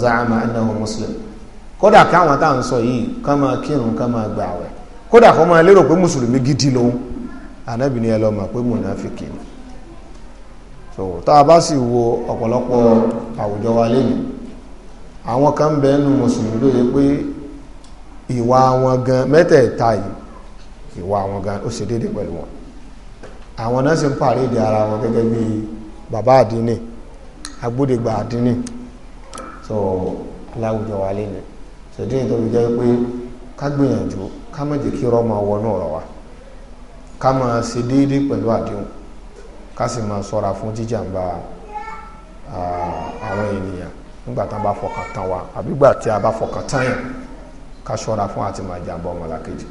kódà káwọn tá à ń sọ yìí kán máa kírun kán máa gbà wẹ̀ kódà kó máa lérò pé mùsùlùmí gidi lòun ànábì ni ẹ lọ mọ̀ pé mùnàfíkì ni so tá a bá sì wo ọ̀pọ̀lọpọ̀ àwùjọ wa lẹ́yìn àwọn kan bẹ nínú mùsùlùmí ló yẹ pé ìwà wọn gan mẹ́tẹ̀ẹ̀ta yìí ìwà wọn gan ó ṣe déédéé pẹ̀lú wọn àwọn náà sì ń pàrédé ara wọn gẹ́gẹ́ bí bàbá àdínì agbódegbà àdínì so láwùjọ wa lẹ́yìn ṣèdí yìí tó fi jẹ́ pé ká gbìyànjú ká má jẹ́ kí irọ́ máa wọnú ọ̀rọ̀ wa ká máa ṣe déédéé pẹ̀lú àdéhùn ká sì máa ṣọ́ra fún jíjàmbá àwọn ènìyàn nígbà tá a bá fọkàn tán wa àbí gbà tí a bá fọkàn tán yàn ká ṣọ́ra fún àti máa jàmbá ọmọlàkejì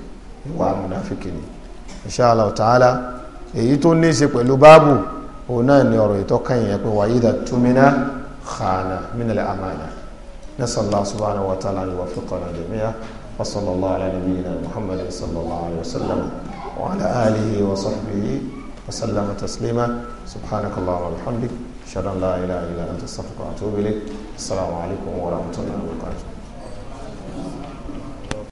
ìwà àmúnáfíkì ni insha Allah èyí tó ní í ṣe pẹ̀lú báàbù òun náà ni ọ̀rọ̀ ìtọ́kàn yẹn pé wàyí dàtúmínà khana mínàlẹ̀ àmàlà نسأل الله سبحانه وتعالى أن يوفقنا جميعا وصلى الله على نبينا محمد صلى الله عليه وسلم وعلى آله وصحبه وسلم تسليما سبحانك اللهم وبحمدك أشهد أن لا إله إلا أنت أستغفرك وأتوب إليك السلام عليكم ورحمة الله وبركاته